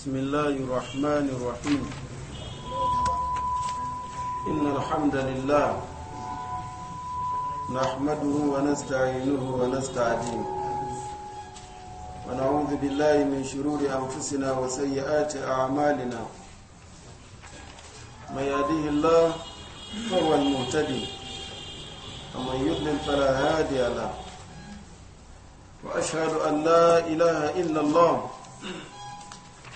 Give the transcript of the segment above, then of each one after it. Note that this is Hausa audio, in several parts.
بسم الله الرحمن الرحيم إن الحمد لله نحمده ونستعينه ونستعديه ونعوذ بالله من شرور أنفسنا وسيئات أعمالنا من يهديه الله فهو المهتدي ومن يضلل فلا هادي له وأشهد أن لا إله إلا الله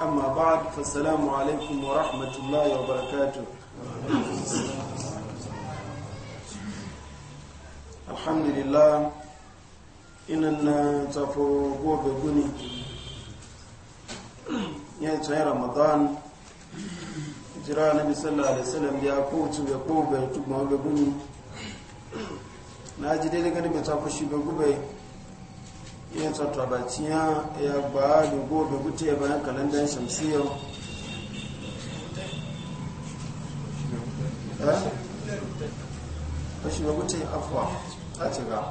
amma ba a fi salamu alaikum wa rahmatullahi wa barakatu alhamdulillah ina na tafi gobe guni ya yi tsaye ramadan jira na misalla da salam ya kowace ga kowace ga tukmawa ga guni na ji daidai ganin ga tafi shi gobe. iya ba baciya ya ba da gobe gute bayan kalandar shamsiyar ba eh? shi ba afuwa a ce ga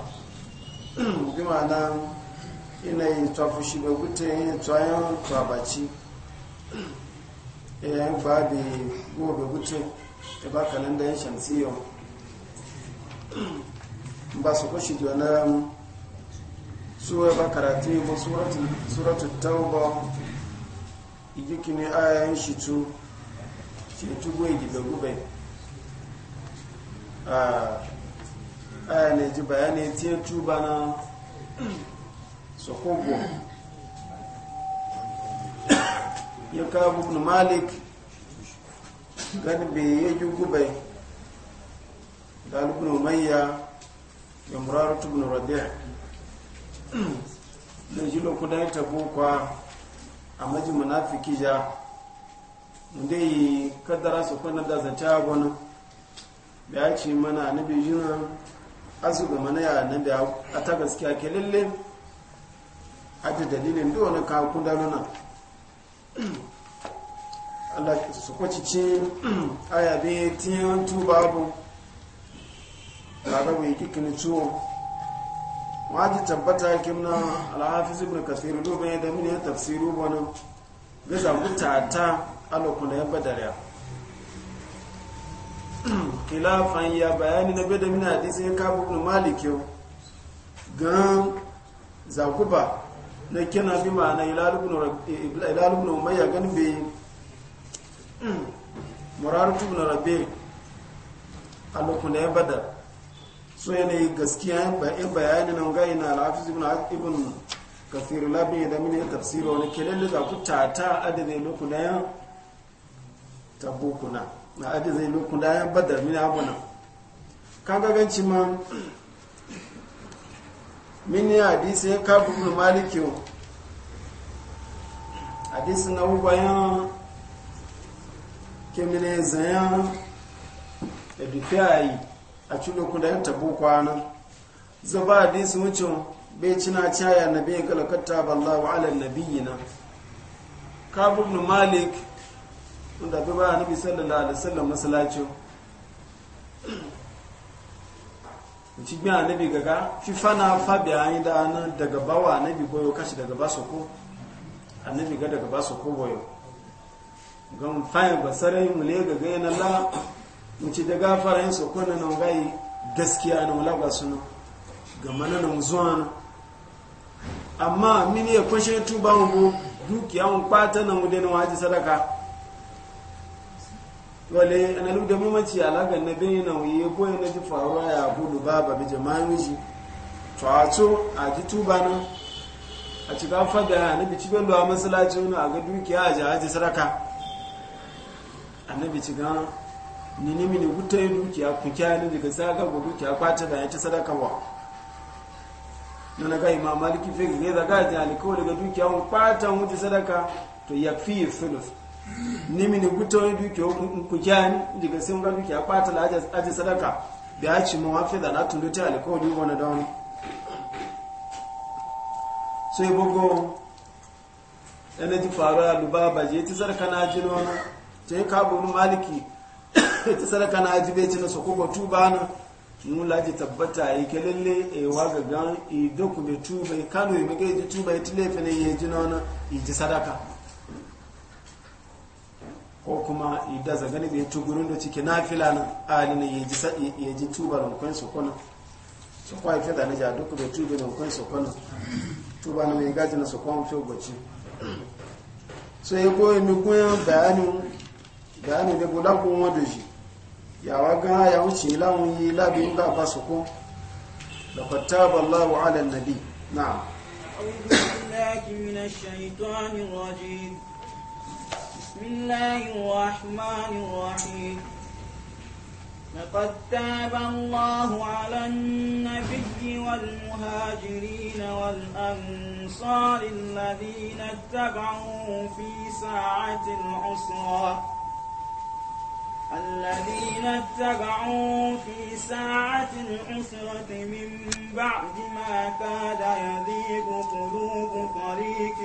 bi ina yi tafi shi ba yin tsayon tsabaci eh, ya ba da gobe gute ya ba kalandar shamsiyar ba su kwashi jonar sura ba karatu ba suratul tauba igiki ne ayan shi tu shi tu goyi gibe gube a ah, aya ne ji bayani tiye tuba na sokogo ya kawo ibn malik gani bai yi gube da ibn umayya ya muraratu ibn rabi'a da shi lokudan ta bukwa a maji munafiki ja da yi kaddara su kwanar da zata wani da ya ce mana na bejina su ga mana ya na da a ta gaskiya ke lalle a da dalilin da wani kakun da nuna Allah su kwaci ce ayabe tiyan tu babu, ba da wai kikin waji tabbata yakin na alhafiz ibn kasir do bai da mini tafsiru wannan ga zaku tata da ya badariya khilafan ya bayani na bai da mini hadisi ya kabu ibn malik yau gan zakuba na kina bi ma'ana ilal ibn umayya gan bi muraratu ibn rabi da ya badar so yanayi gaskiya in bayani na gai na alhafiz ibn ibn kathir labin da mini tafsiri wani kelele za ku tata adade lokuna ya na adade lokuna ya badar mini abuna kaga ganci ma mini hadisi ya kafa ibn maliki hadisi na ubayan kemine zayan edufe yi. a cikin kuda yin tabo kwana zaba hadisi wucin bai cina caya na bai galakata ballahu ala nabiyina kabu ibn malik wanda bai ba nabi sallallahu alaihi wasallam masallacin cikin annabi gaga fa bi an da ana daga bawa annabi boyo kashi daga basu ko annabi ga daga basu ko boyo gan fayin basarai mu ne gaga yana la mace da gafara yin sokona na gayi gaskiya na wulaga suna ga mana mu zuwa na amma mini ya ya tuba mu bu dukiya mu kwata na mu na waje sadaka wale ana lu da mamaci alaga na bai na wuye ko na ji faruwa ya hudu ba bi bije miji to a to a ji tuba na a ci gafa da annabi ci bello a masallaci wani a ga dukiya a ji sadaka annabi ci gana. ni ne mini wuta yi dukiya ku kya ni daga saga ga dukiya kwata da ya ci sadaka ba na ga imam maliki fi ne da ga jali ko daga dukiya mu kwata mu ci sadaka to ya fi yakfi sulus ni mini wuta yi dukiya ku kya ni daga sun ga dukiya kwata da ya ci sadaka da ya ci mu wafi da na tundu ta alkawari wani don wani sai bugu yana ti faru a lubaba je ti sarka na jinona ta yi kabonu maliki ta sadaka na ajibe ci na sokoko tuba na mun laji tabbata yi ke lalle e wa ga gan i eh, doku be tuba e eh, kanu e mege ji tuba e tile fene ye ji nona i ji sadaka ko kuma i da zagani be t'u gurin da cike nafila na alina ye ji sa ye ji tuba ran kan sokona so kwa ife fita ne ja doku be tuba ran kan sokona tuba na me gaji na sokon fi goci so e ko mi gun bayani bayani da bulakun wa da shi يا ga ya wuce لوني yi labin ga لقد تاب الله على النبي Allahu ala nabi na'am أعوذ بالله من الشيطان الرجيم بسم الله الرحمن الرحيم لقد تاب الله على النبي والمهاجرين والأنصار الذين اتبعوه في ساعة العسرة الذين اتبعوا في ساعة العسرة من بعد ما كاد يذيب قلوب طريق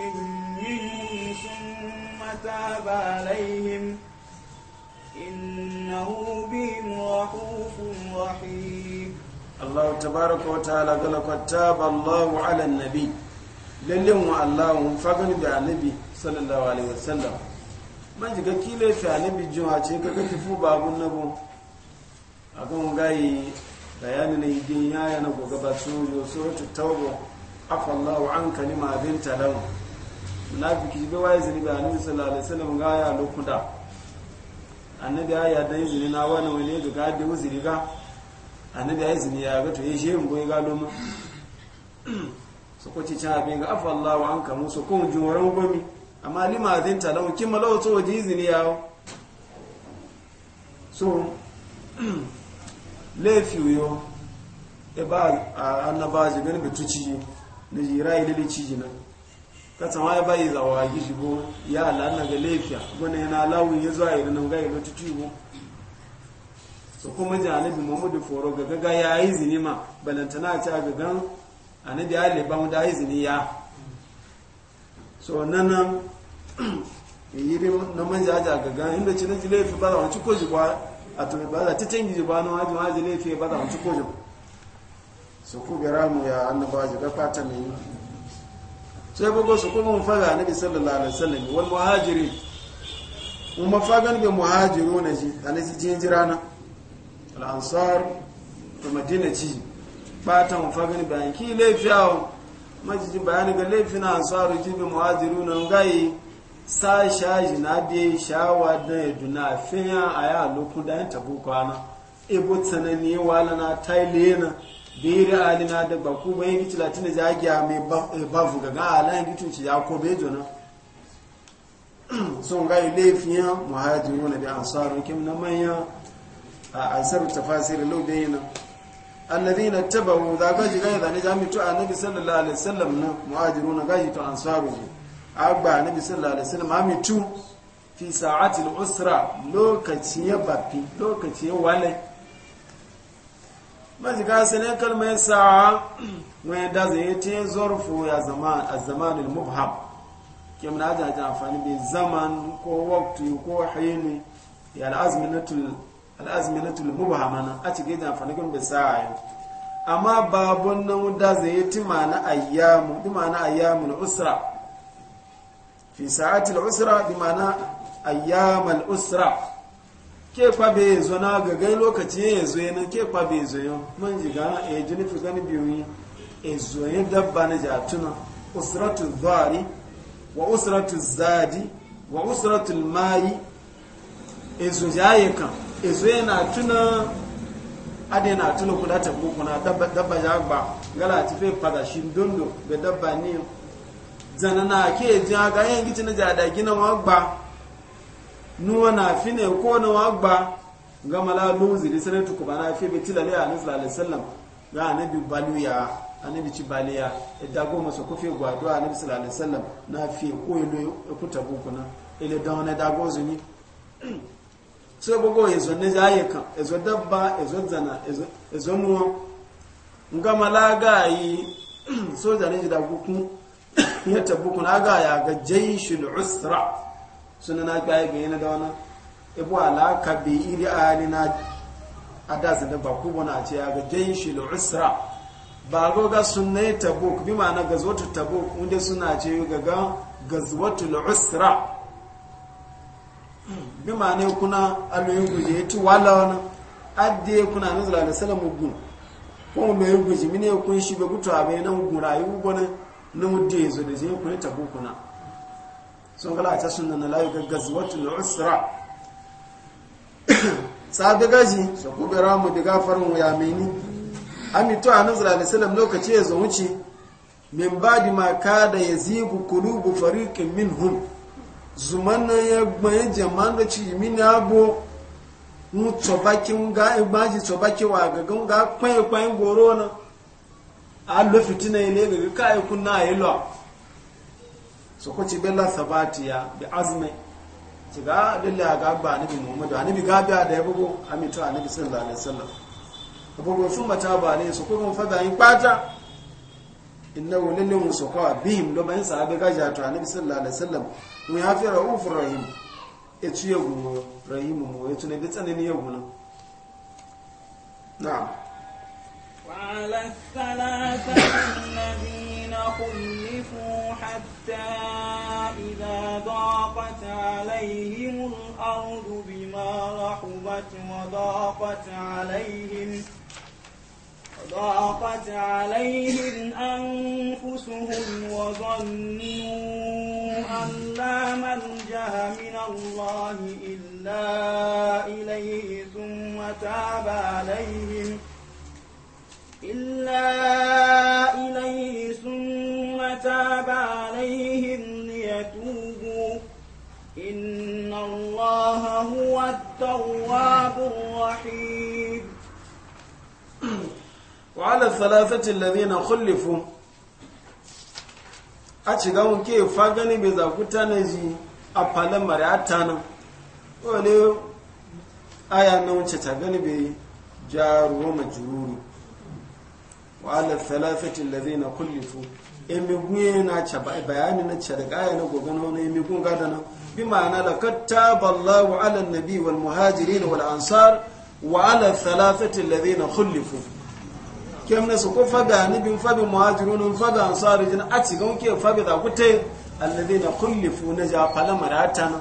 منهم ثم تاب عليهم إنه بهم رحوف رحيم الله تبارك وتعالى قال قد تاب الله على النبي للم الله فقد النبي صلى الله عليه وسلم man jiga kile talibin anabi juma ce ka kake fu babun nabo akan gayi bayani na idin yaya na goga ba su yo suratu tauba afallahu anka lima bin talam ki be wai zini ba annabi sallallahu alaihi wasallam ga ya lokuta annabi ya da izini na wani wani ga ga da uzuri ga annabi ya izini ya ga to ya shehin boye ga lomo su kwace can abin ga afallahu anka musu ko juwaran gomi amma limazin zin ta lawo kin malawo to ji izini ya yawo so laifi yo e ba annaba ji gani bituci da jira rai lili ciji na katsama ya bayi zawa a gishi go ya Allah ga lefiya wani yana lawun ya zuwa irin nan gaya ya tutu go so kuma ji annabi Muhammadu foro ga gaga ya yi zini ma balantana ta gagan a nadi Ali ba mu da zini ya so nana yiri na manja aja gaga inda ci na ji laifi ba da wani ba a tumi ba da titin ji ba na wajen wajen laifi ba da wani ciko ji su ku gara mu ya annaba ji ga fata mai sai bugo su kuma mafaga na bi sallallahu alaihi wasallam wal muhajiri mu mafagan bi muhajiru na ji annabi ji jirana al ansar da madina ci ba mun fagan bi ki laifi majiji bayani ga laifin ansaru jibin muhajiru na ngayi sa shaji na bi shawa da duna fiya a ya lokun da yin tabu kwana ibu tsanani wala na tailena biri alina da baku bayan gici latin da jagiya mai bafu e ga ga alayin gicin ci ya ko bejo na sun gayi laifin muhajiru na bi ansaru kim na manya a ansaru tafasirin lobe yana alladhina taba da gaji gaji da ne jami to annabi sallallahu alaihi wasallam na muhajirun gaji to ansaru agba annabi sallallahu alaihi wasallam ami tu fi sa'atil usra lokaci ya bafi lokaci ya wale maji ka sene kalmar sa'a mai da zai te zorfu ya zaman az-zamanul mubham kim na ajaja amfani bi zaman ko waqti ko hini ya al-azminatul al'azminatul mubhama nan a cikin da fanakin bin sa'a amma babun nan da zai yi timana ayyamu timana ayyamu na usra fi sa'atil usra timana ayyamal usra ke fa be zo na ga gai lokaci ya zo yana ke fa be zo yo man ji ga yi eh, jini fi gani biyu e zo ya dabba na jatuna usratu dhari wa usratu zadi wa usratu mayi e zo jaye kan isu yana tuna ade na tuna kuda ta kuna dabba dabba ya gba gala ti fe fada shi dondo be dabba ni na ke ji aga yin gici na jada gina wa gba nuwa na ne ko na wa gba gama la lozi di sanar tuku bana fi be tilale a nasu alaihi sallam ga anabi baluya anabi ci baliya idda e goma su kufe gwado a nabi sallallahu alaihi wasallam na fi ko ilo kuta bukuna ile da wani dago zuni so gbogbo ezo ne zaye kan ezo dabba ezo zana ezo nuwa nga malaga yi soja ne jida kuku ya tabbuku na ga ya ga jaishul usra suna na gaya ga yana da wani ibu alaka bi iri ali na adasa da baku bona ce ya ga jaishul usra ba go ga sunne tabuk bi ma'ana gazwatu tabuk wanda suna ce ga gazwatul usra Bima ma ne kuna aloyin guje ti wala wana adde kuna nuzula da salamu gun ko me guje mine kun shi be gutu abe na gun rayu gona na mudde zo da zai kun ta kuna so kala ta sunna na layu gaggazwatul usra sabe gaji su ku be da diga farun ya meni ami to anuzula da salam lokaci ya zo wuce min badi ma ka da kada kulubu farikin min hun. zumana ya gbanye jaman da ci yi mini abu mu tsobakin ga igbaji tsobakin wa gagan ga kwayekwayen goro na a lo fitina ile ga kai kunna ilo so ko ci bella sabati ya bi azmi ci ga a ga ba annabi muhammadu annabi gabi a da ya mito a nabi sallallahu alaihi wasallam abugo sun mata ba ne su ko mun fada yin pata innahu lillahi wa sakawa bihim lo ban sahabe ga jato annabi sallallahu alaihi wasallam mu ya fi ra'uf rahim etu yagu rahim mu etu ne bitsanin yagu na na'am وعلى الثلاثة الذين خلفوا حتى إذا ضاقت عليهم الأرض بما رحبت وضاقت عليهم ضاقت عليهم أنفسهم وظنوا أن لا ملجأ من الله إلا إليه ثم تاب عليهم إلا إليه ثم تاب عليهم ليتوبوا إن الله هو التواب الرحيم wa'ala thalathatin ladhina khulifu a ciga muke fagani bai zakuta na ji a falon mara hatta nan wale aya na wuce ta gani bai jaruwa majururi wa'ala thalathatin ladhina khulifu emigun na ce bayani na ce daga aya na gogano na emigun gada nan bi ma'ana da kattaba Allah nabi wal muhajirin wal ansar wa ala kem na soko faga ni bin fabi muhajirun faga ansari jin a ci gon ke fabi da kute alladheena kullifu na ja fala maratan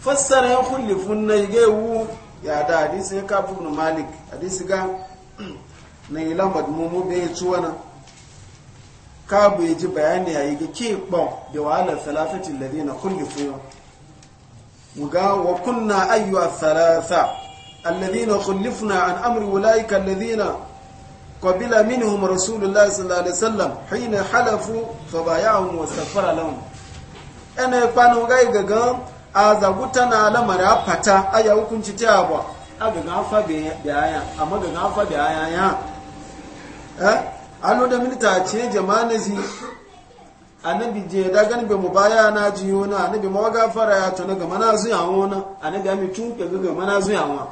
fassara ya kullifu na yige wu ya da hadisi ya kafu ibn malik hadisi ga na ila madmumu be tuwana kabu ji bayani ya ga ke bon da wala salafati alladheena kullifu muga wa kunna ayyu thalatha alladheena kullifna an amri wula'ika alladheena qabila minhum rasulullah sallallahu alaihi wasallam hina halafu fabayahum wastaghfara lahum ana fanu gai gaga azaguta na lamara fata aya hukunci ta abwa aga gafa be aya amma ga gafa be aya ya eh alo da minta ce jama'a zi annabi je da gani be mubaya na jiyo na annabi ma gafara ya to na ga mana zuya wona annabi ya mi tun ke ga mana zuya wa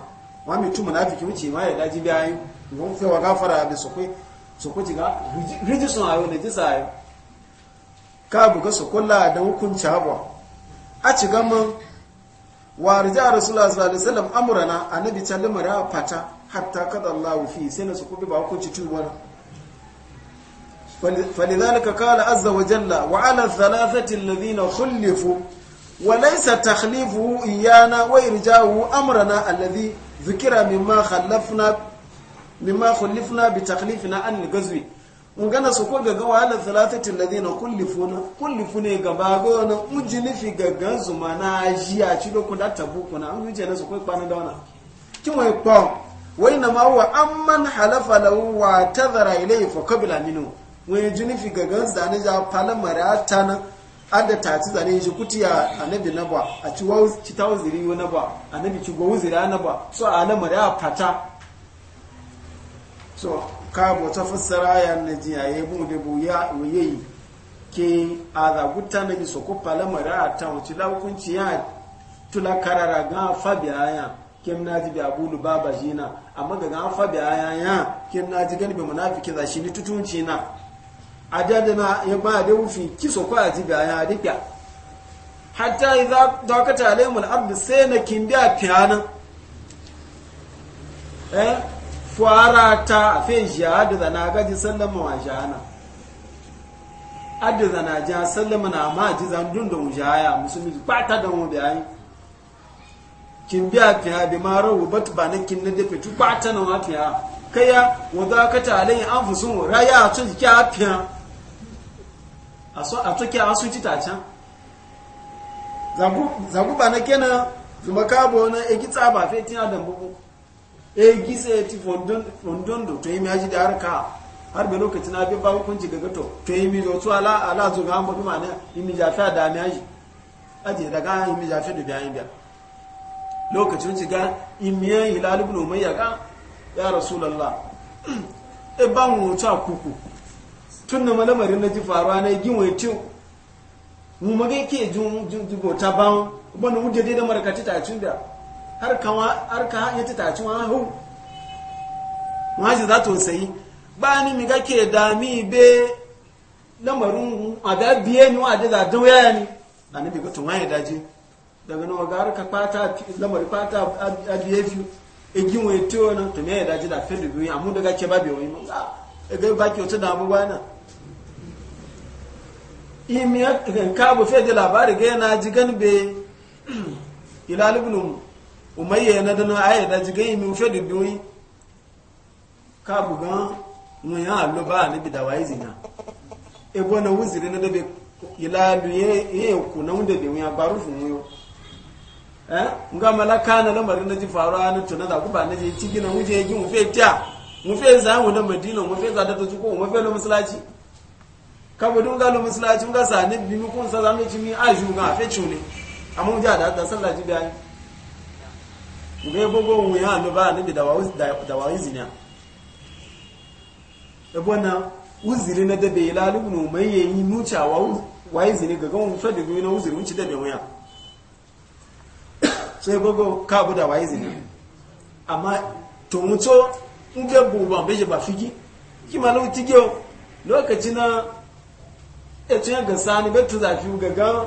wa mi tun munafiki wuce ma ya daji bayan ngon ka buga sokolla da hukunci haba a ci gaman wa rija rasulullah sallallahu alaihi amurana a annabi sallama ra fata hatta kada Allah fi sai na sokobi ba hukunci tuba فلذلك قال عز وجل وعلى الثلاثة الذين خلفوا وليس تخليفه إيانا وإرجاؤه أمرنا الذي ذكر مما خلفنا mimma khulifna bi taklifina an gazwi ngana su ko gaga wala thalathati alladhina kullifuna kullifuna gaba gona mujini fi gaga zuma na ajiya ci do kunda tabu kuna an yuje na su ko kwana da wana kin wai pa wai na ma wa amman halafa lahu wa tadhara ilayhi fa qabla minhu wai jini fi gaga zane ja pala marata na adda ta ci zane shi kutiya annabi na ba a ci wa ci tawziri na ba annabi ci go wuzira na ba so alamar ya fata so ka ta fassara ya na ji ya yi bude buya ya yeyi ke a gutta na biso ko palamara ta wuce laukunci hukunci ya tula karara ga fabi aya kim na ji bi abulu baba jina amma ga ga fabi aya ya kim na ji gani be munafiki za shi ni tutunci na adada na ya ba da wufi kiso ko aji bi aya dika hatta idza dakata alaihim al-ard sai na kimbiya fiyana eh fara ta a fe jihadu da na gaji sallama wa jihana adi da na a sallama na ma ji zandun da mujaya musulmi ba ta da mu bayan kin biya fi habi ma rawu bat ba na kin na dafe tu ba ta na wa fiya kaya wanda ka ta alai an fusun raya a tun ki a fiya a so a tuki a sun ci ta can zagu zagu ba na kenan zuma kabo na egitsa ba fe tina da bubu e gisa ya ti fondondo to yi miyaji da harka har bai lokacin abin ba hukunci ga gato to yi mijo su ala ala zo ga hamba bima ne yi mija fa da maji aje daga yi mija jafi da biyan biya lokacin ci ga imiyan hilal ibn umayya ga ya rasulullah e ba mu ta kuku tun da malamarin na ji faruwa na ginwa tin mu magai ke jin jin ta ba mu ban mu dede da markati ta cin da har ka hanyar ta taci wa hau wajen za to sayi ba ni mi da dami be lamarin da biye ni wa da dauya ni da ni bi gutun waye daji daga nawa ga harka ka fata lamarin fata a biye fi egin wai to na to me daji da fedu biyu amma daga ke ba biyo mun e ga ba ki da damu ba na imiya kan e ka bu fe da labari ga na ji gan be ilal ibn umm. umayya na dana ayi da jiga yi mi fe de doyi ka bu gan mu ya lo ba ni bi da wai zina e bo na wuzire na de be ila lu ye ye ku na wunde de mu ya baru fu mu yo eh nga malaka na lamarin na ji faruwa na tuna da ku ba na je ci gina wuje gi mu fe tiya mu fe za mu da madina mu fe za da tuju ko mu fe lo musulaci ka bu dun ga lo musulaci mu ga sa ne bi mu kun sa za mu ci mi aju ga fe cune amma mu ja da da sallaji bayani ga gbogbo ohun ya hannu ba nabi uziri na dabe ya lalubu na mai yayi nuca wa izini ga gan fe da na uziri wuce dabe wuya so gbogbo ka bu da wa izini amma tomuto nke buban beje ba figi ki ma lo tige lokaci na etu ya gasa ni betu zafi gaga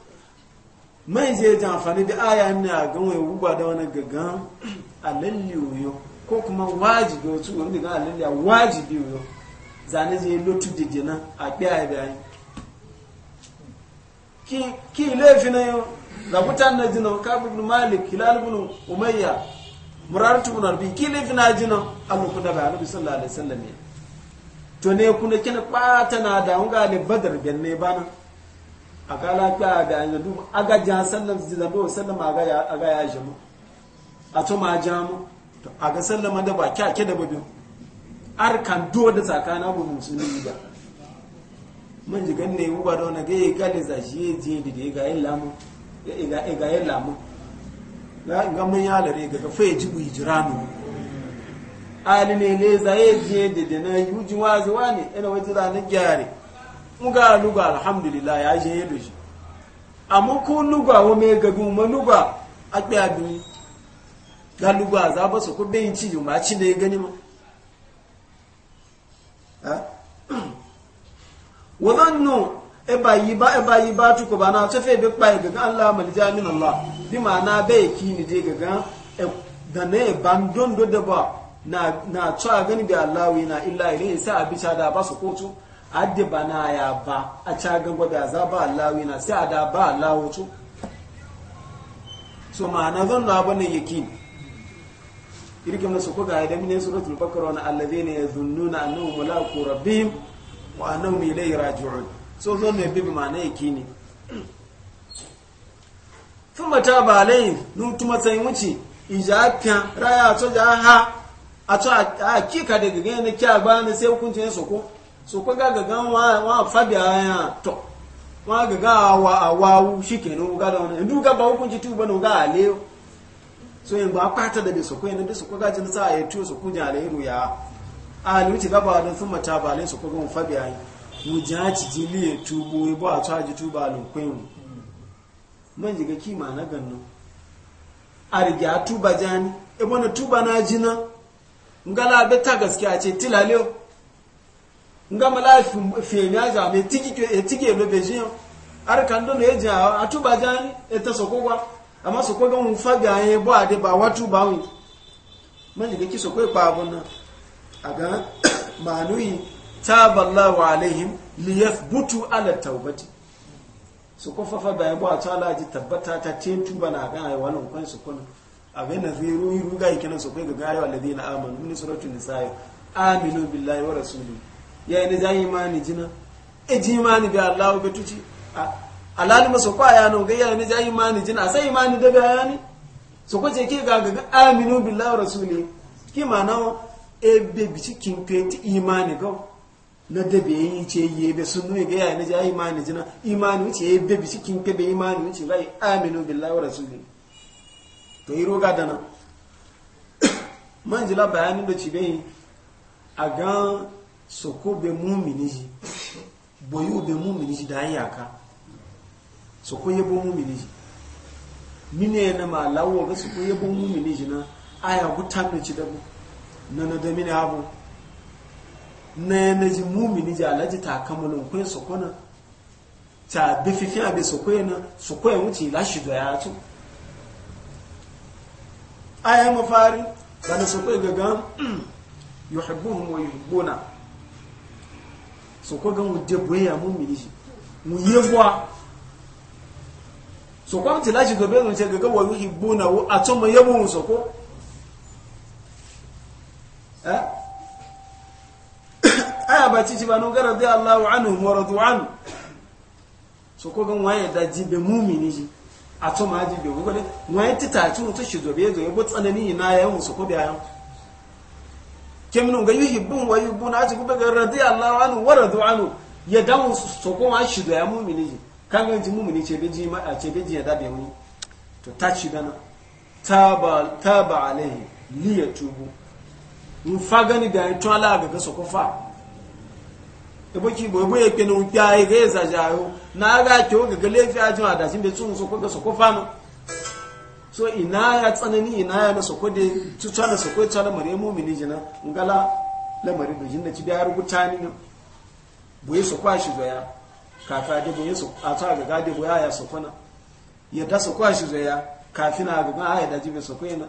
mai zai ji amfani da aya ne a ganwa ya guba da wani gagan alalli oyo ko kuma wajibi otu wani gagan alalli a wajibi oyo zane zai lotu jina a da yi ki ile fi na yau rabutan na jina kafin ibn malik hilal ibn umayya murartu ibn bi ki ile fi na jina alluku da bayan nabi sallallahu alaihi wasallam to ne kuna kina kwata na da hunga le badar benne bana aga lafiya da yanzu duk aga jan sallam zinabe sallam a ga ya jamu a to ma jamu to aga sallama da ba kyake da babin ar kan do da tsakana bu musulmi da mun ji ganne mu ba da wani ga ya gale za shi je da da ga yin lamu ga ga yin lamu ga ga mun ya lare ga fa ya ji bu hijranu ali ne le za ya je da da na yuji zuwa wani ina waje da na gyare nga lugwa alhamdulillah ya je yedo shi amma ko lugwa wo me gabi mu lugwa akpe abi ga a za ba su ko be ci ju ma ci ne gani mu ha wa dhannu e ba yi ba e ba yi ba tu ko bana to fe be pa e ga Allah malja min Allah bi ma na be ki ni de ga e da ne e ban don do da ba na na tsa gani da Allah ina illa ilai sai abi sada ba su kotu adde bana ya ba a cagan gwada za ba allawi na sai a da ba allawo to so ma'ana zan na abin yakin irgin su kuga ya damine suratul bakara wani allazi ne ya zunnuna annahu mulaku rabbihim wa annahum ilayhi raji'un so zo ne bibi ma'ana yakini thumma taba alayhi nun tuma sai wuce ijakan raya to jaha a to a kika daga na kya na sai hukuncin su ko so kwa ga ga wa wa fabi aya to wa ga ga wa awawu shikenan ga da wannan duk ga ba hukunci tu bane ga ale so yin ba kwata da su koyin da su ko ga jin sa ya tu su kuja ale ru ya a ni wuce gaba don sun mata ba le su ko gon fabi aya mu ja ci jili ya tubu e ba ta e ji tuba lun koyin mun ji ga kima na ganno a rigya tuba jani e bona tuba na jina ngala be ta gaskiya ce tilale ngama la fiyemi aja me tigi e tiki ebe beji ar kan do ne ja atuba jan eta sokogwa ama sokogwa mu faga yin e bo ade ba watu ba wi manje ke kiso ko pa abuna aga manui taballahu alaihim liyathbutu ala tawbati soko fa fa da yabo e a tsala ji tabbata ta ce tuba na ga ai wannan kun su kun abin na zai ruhi ruga yake nan su kai ga gare wa ladina amanu min suratul nisa aminu billahi wa rasulihi ya yi yi imani jina e ji imani bi allahu ga tuci alali masu kwa ya nan ga yi ni yi imani jina sai imani da ga yani ni so ce ke ga ga aminu billahi rasuli ki mana e be bi cikin kwenti imani ga na da be yi ce yi be sunu ga ya ni yi imani jina imani wuce e be bi cikin ke be imani wuce yi aminu billahi rasuli to yi roga dana man manjila bayanin da ci bai a gan soko be mumini ji boyu be mumini ji da ka, soko yebo mumini ji mine na ma lawo ga soko yebo mumini ji na aya gutan ci da na na da mine abu na na ji mumini ji alaji ta kamalon kwen soko na ta a abe soko na soko ya wuce shi da ya tu aya mafari kana soko ga ga yuhibbuhum wa yuhibbuna so ko ga mudde boya mu mi shi mu yefwa so kwa mti laji gobe no ce ga wa yuhi buna wa ato mu yebo so ko eh aya ba ci ci ba no ga radiyallahu anhu wa radu anhu so ko ga waye da jibe mu mi shi ato ma jibe ko ne waye tita ci mu to shi gobe zo yebo tsanani ina yayin so ko da yayin kemnu ga yuhibbun wa yuhibbuna ati ku daga radiyallahu anhu wa radu anhu ya dawo so ko an shi da ya mumini kan ga ji mumini ce beji ma a ce beji ya dabe mu to ta ci dana taba taba alaihi li yatubu mun fa gani da ya tola ga ga so ko fa e bo bo ga za jayo na ga ga lefi be tsun so ko ga so ko fa no so ina ya tsanani ina ya na sokode tuta na sokode ta na mare ne jina ngala la mare da jinna ci biyar ya rubuta ni ne bu yi kwa shi zoya kafa da yi so a ta ga gade boya ya sokona ya da so kwa shi zoya kafin a ga a ya da jibe so kwena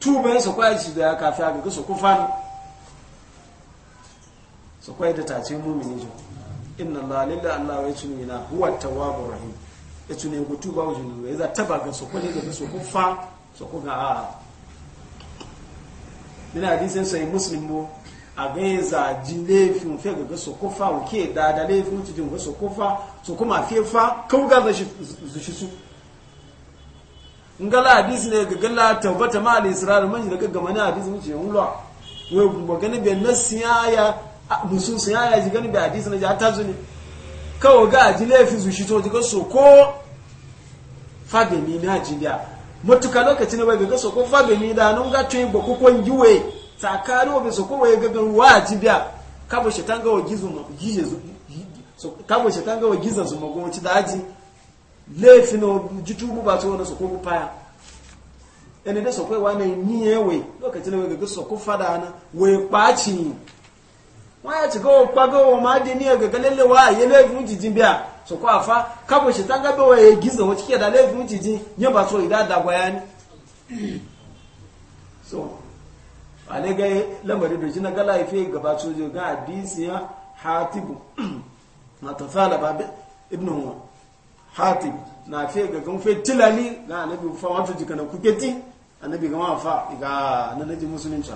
tu boye so kwa shi zoya kafin a ga so fa ni? kwa da ta ce ne jina inna lillahi allah wa inna ilaihi huwa at-tawwabur rahim ya tune gutu ba wajen duwe ya za taba ga sokoli ne ga soko fa soko ga a mina hadisin sai muslim mo a ga ya za ji laifin fe ga soko fa wuke da da laifin cikin ga soko fa soko kuma fe fa kawo ga shi su in ngala hadisi ne ga gala tabbata ma al israr man daga ga mana hadisi mu ce wula wai ba gani bai na siyaya musun siyaya ji gani be hadisi na ji ta zuni kawo ga ji laifin su shi to diga so ko fagami na jibiya matuka lokaci na bai ga soko fagami da nun ga tun ba ku kon giwe tsakari obi soko waye ga gan wa jibiya kabo shetan ga wagizu gije so kabo shetan ga wagiza su magoci da aji lefi no jitu, jitubu ba to na soko paya ene da soko wa na ni ewe lokaci na bai ga soko fada na we pachi wa ya ci go pago ma de ni ga galele wa yele mu jibiya so kwa fa kabo shi tanga be waye gizo wacce ke da laifin mutiji yin ba so ida da bayani so ale ga lamari do jina ga laifi gaba sojo ga hadisi ya hatibu na tafala ba ibn umar hatib na fe ga gun fe tilali ga annabi fa wato jikana kuketi annabi ga ma fa ga na naji musulunci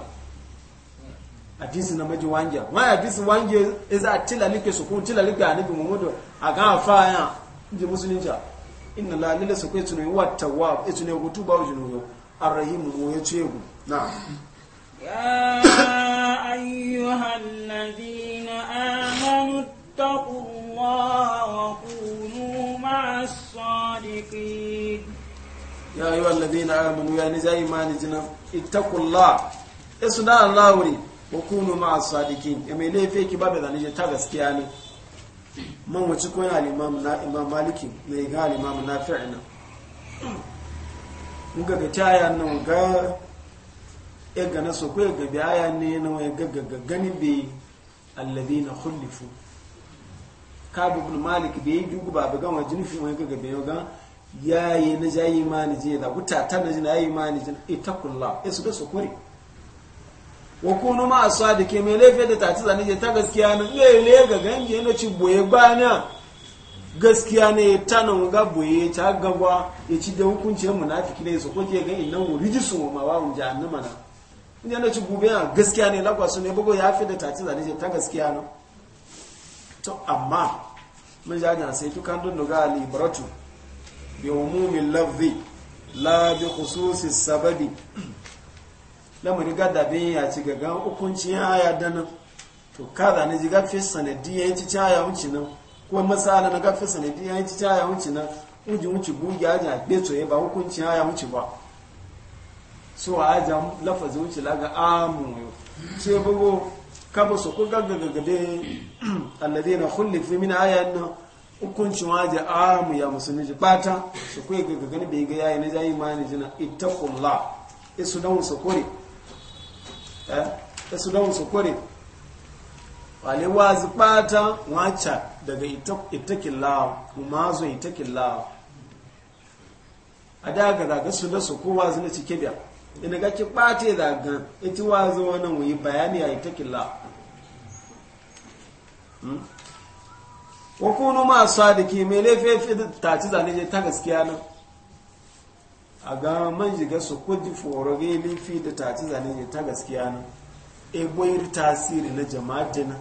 hadisi na maji wangiya wani hadisi wangiya iza a tilalike su kun tilalike a nabi muhammadu a kan fa ya ji musulunci inna la lila su kai tunayi wa tawwa e tunayi hutu ba wajen yau arrahim mu ya ce na ya ayyuhan ladina amanu taqullaha wa kunu ma'as sadiqin ya ayyuhan ladina amanu ya ni zai imani jina ittaqullaha isna Allah wuri wa kunu ma'a sadikin e, ya mai laifin ki ba da ta gaskiya ne man wuce ko yana limam na imam maliki yi ga limam na fi'na muga ga taya nan ga ya ga na so ko ya ga aya ne na wai ga ga gani be alladhina khulifu kabu ibn malik be dugu ba bugan wa jinifin wai gaggaga ga gan yayi na jayi mani ya da ta na jina yayi mani jina ya su da kuri wa kunu ma asadike me lefe da tati zane je ta gaskiya nan lele ga gangi na ci boye bana gaskiya ne ta nan ga boye ta gaba ya ci da hukuncin munafiki ne su koke ga innan wuriji su ma wa mu jahannama na inda na ci gobe a gaskiya ne lagwa su ne bugo ya fi da ci zane je ta gaskiya ne. to amma mun ja jan sai tukan dun ga libratu bi umumil lafzi la bi khususis sababi lamari gada bin ya ci gaga hukuncin haya dana to kaza ne ji gafe sanadiyan ci ci haya wuce nan kuma matsala na gafe sanadiyan ci ci haya wuce nan wuce wuce bugi ya a gbe tsoye ba hukuncin haya wuce ba so a aji lafazi wuce laga amu ce bugu kaba su ko gaggagagade alade na fi min haya nan hukuncin waje amu ya musulmi ji bata su kuwa ne bai ga yayi na jayi mani jina ittaqullah isu dan wasu kore Eh? ta su don su kure wale wazi bata wacha daga itakin lawa kuma zo itakin lawa a daga daga su da su kowa zina na cike biya ina ga ki bata daga ita zo wani wuyi bayani a itakin lawa hmm? wakunu ma sadiki mai laifin fi ta ci zane ta gaskiya nan a ga man shiga su kudi foro ga lifi da ci zane ne ta gaskiya na e boyar tasiri na jama'a jina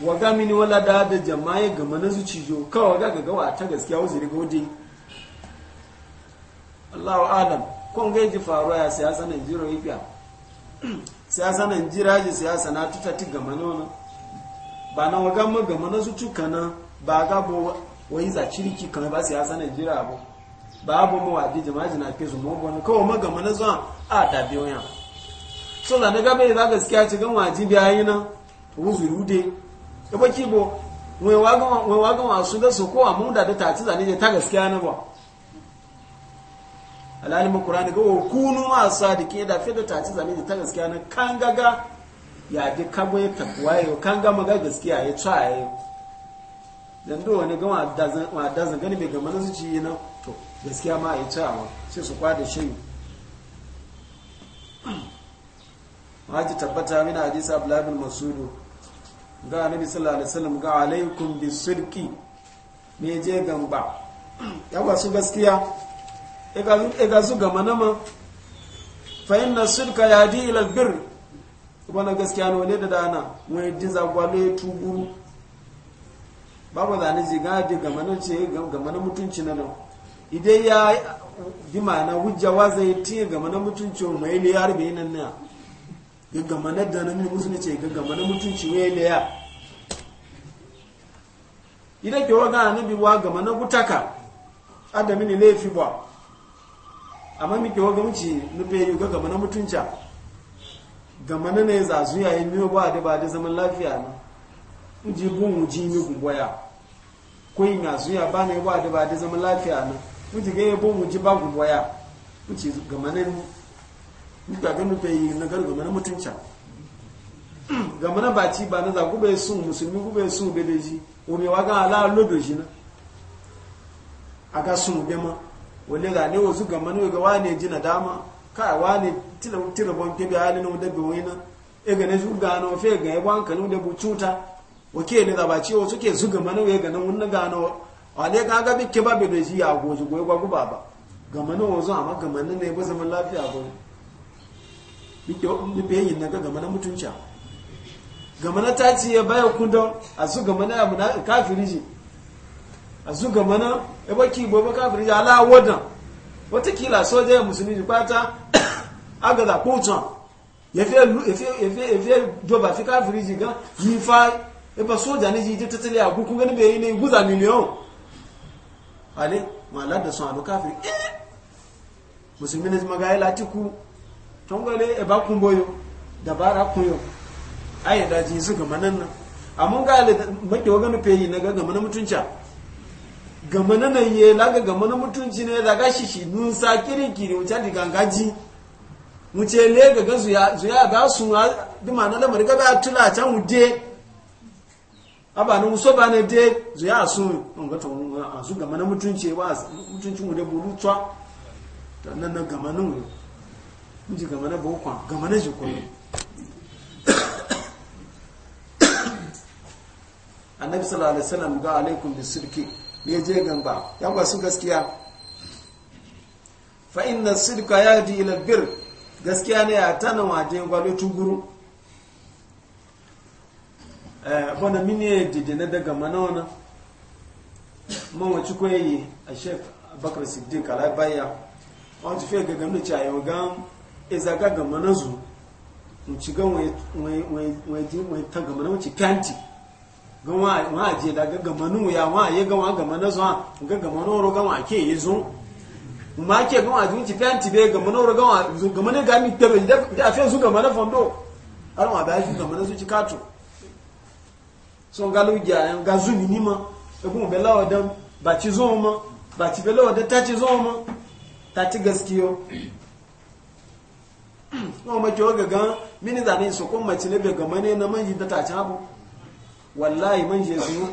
wa ga mini wala da da jama'a ga mana jo kawai ga ga gawa ta gaskiya wuzi riga wudi Allahu Adam kun ga ji faruwa ya siyasa Najeriya yifiya siyasa Najeriya ji siyasa na tuta ti ga mana wannan ba na waga ma ga mana zuci kana ba ga bo wai za ciriki kana ba siyasa Najeriya ba babu mu waje jama'i na fesu mu bon ko ma ga mana zan a da biyo ya so la daga bai za gaskiya ci gan waje biya yi na wuzuru de ka e baki bo wai waga wai waga wasu da su ko a mun da ta ci zane ta gaskiya na ba alalin qur'ani ga kunu ma sadiki da fi da ta ci zane ta gaskiya na kan gaga ya ji kabo ya takwa yo kan ga maga gaskiya ya tsaye dan do wani ga wa da zan gani bai ga mana zuci na. gaskiya ma a yi cewa sai su kwada shi ji tabbata mina hadisi abdullahi masudu ga annabi sallallahu alaihi wasallam ga alaikum bisidqi me je gamba yawa su gaskiya e ga su gama nama fayin na sirka ya ila albir wani gaskiya ne ne da dana wani din zagwalo ya tuburu babu zane ji ga di gama nan ce gama na mutunci na nan idan ya yi ma'ana hujja wa zai tiye gama na mutunci mai ne ya yi nan na gaggama na da na mini musulun ce gaggama na mutunci mai ne ya idan ke wa gana nabi wa gama na gutaka adami ne laifi ba amma mike wa gamci nufe yi ga gama na mutunca gama na ne zazu yayi miyo ba da ba da zaman lafiya na ji gun uji mi gumboya ko yi azuya ba ne ba da ba da zaman lafiya na wuce ga yabo mu ji bagu waya wuce ga manan duka ga nufe yi na garga mana mutunca ga ba ci ba na za bai sun musulmi ku bai sun ji o ome wa ga ala do ji na aka su be ma wale ga ne wasu ga mana ga wane ji na dama kai wane tila tila bon kebe hali da wadda bai na e ga ne ga na fe ga yabo e kanu da bu cuta wake ne da ci wasu ke zuga mana ga na wannan gano wane ka ga bikke ba bai doji ya goji goyi ba guba ba gama na wazo amma gama na ne ba zaman lafiya ba bikke bikke yin na ga gama na mutunca gama na ta ce bayan kudon a su gama na abu na kafiri ji a su gama na ya baki bai ba kafiri ji ala wadan watakila soja ya musulmi ji kwata agaza kotan ya fiye doba fi kafiri ji ga yi fa ya ba soja ne ji ta tattali a kuku gani bai yi ne guza miliyon ale mala da sun kafiri ee eh! musulmi ne magaye lati ku ton e ba kun boyo dabara kun yau ayi da ji su gama nan nan amma ga ala make wa gano peyi na gama na mutunca gama na nan ye laga gama na mutunci ne da ga shishi nun sa kirikiri wuta di gangaji mu ce le ga ga zuya zuya ba su ma na lamar ga ba tula can wuje abanin muso ba ne dai zuya a sun ga ta wani a su gama na mutunci wa mutunci mu da burutwa ta nan na gama na wuri miji gama na bukwa gama na jikon annabi sallallahu alaihi wasallam ga alaikum bisirki ne je gamba ya ba su gaskiya fa inna sirka yahdi ila bir gaskiya ne a tanawa je gwalo tuguru fana eh, mini dede na daga mana wani mawaci kwaye a shek bakar siddiq alabaya wani tafiya ga gamna ci a yau gan iza ga gama na zu in ci gan wai ta gama na wuce kyanti gan wa a je da ga gama nu ya wa ya gan wa gama na zuwa ga gama na wuro gan wa ke yi zu ma ke gan wa ji kyanti bai gama na wuro gan wa gama na gami tabe da a zu gama na fondo har ma ba ya zu gama na zu ci kato son nga ja en ga zu ni ma e bu be lawa dan ba ci zo ma ba ci be lawa da ta ci zo ma ta ci gaskiyo no ma jo ga ga mini da ni so ko ma ci ne be ga mane na manji da ta ci abu wallahi man jesu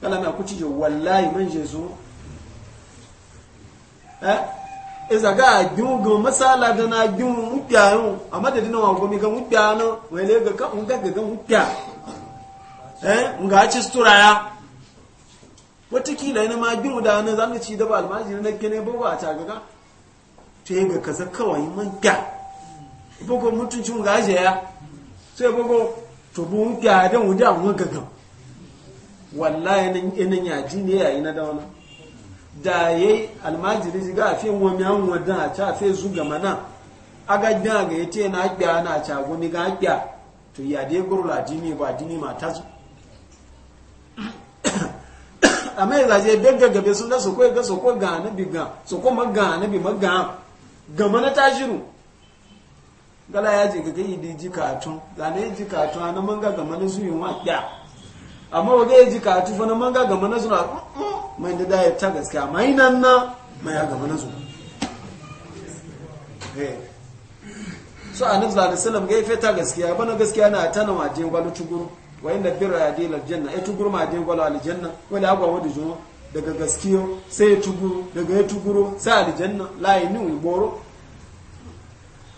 kala na ku ci je wallahi man jesu eh iza e ga gun go masala da na gun mutya yau a madadin go mi ga mutya no wele ga ka un ga ga mutya Eh, nga ci sutura ya watakila yana ma giru da wani zamu ci da ba almajiri na kene, bugu a cagaga to yi ga kaza kawai man gya bugu mutuncin ga aje sai bugu to bu gya da wuda an gaga wallahi nan yanan yaji ne yayi na da wani da yayi almajiri ga fi wani an wadan a ta fe zuga mana aga dan ga yace na gya na cagu ni ga gya to ya dai gurla dini ba dini ma tazu amma ya zaje daga gabe sun da su kai ga su ko ga bi ga su ko ma ga bi ma ga ga mana tashiru gala ya je gaga yi diji katun zane ji katun ana manga ga mana su yi wa ya amma wa ga yi ji katun fa na manga ga mana su na mai da da ya ta gaskiya mai nan na mai ga mana su eh. so a sallallahu zane salam ga ya feta gaskiya bana gaskiya na tana waje gwalo cikuru wa inda birra ya dila aljanna ya tuguru ma din gwalo aljanna wani agwa wadu juno daga gaskiyo sai ya tuguru daga ya tuguru sai aljanna la yi ni boro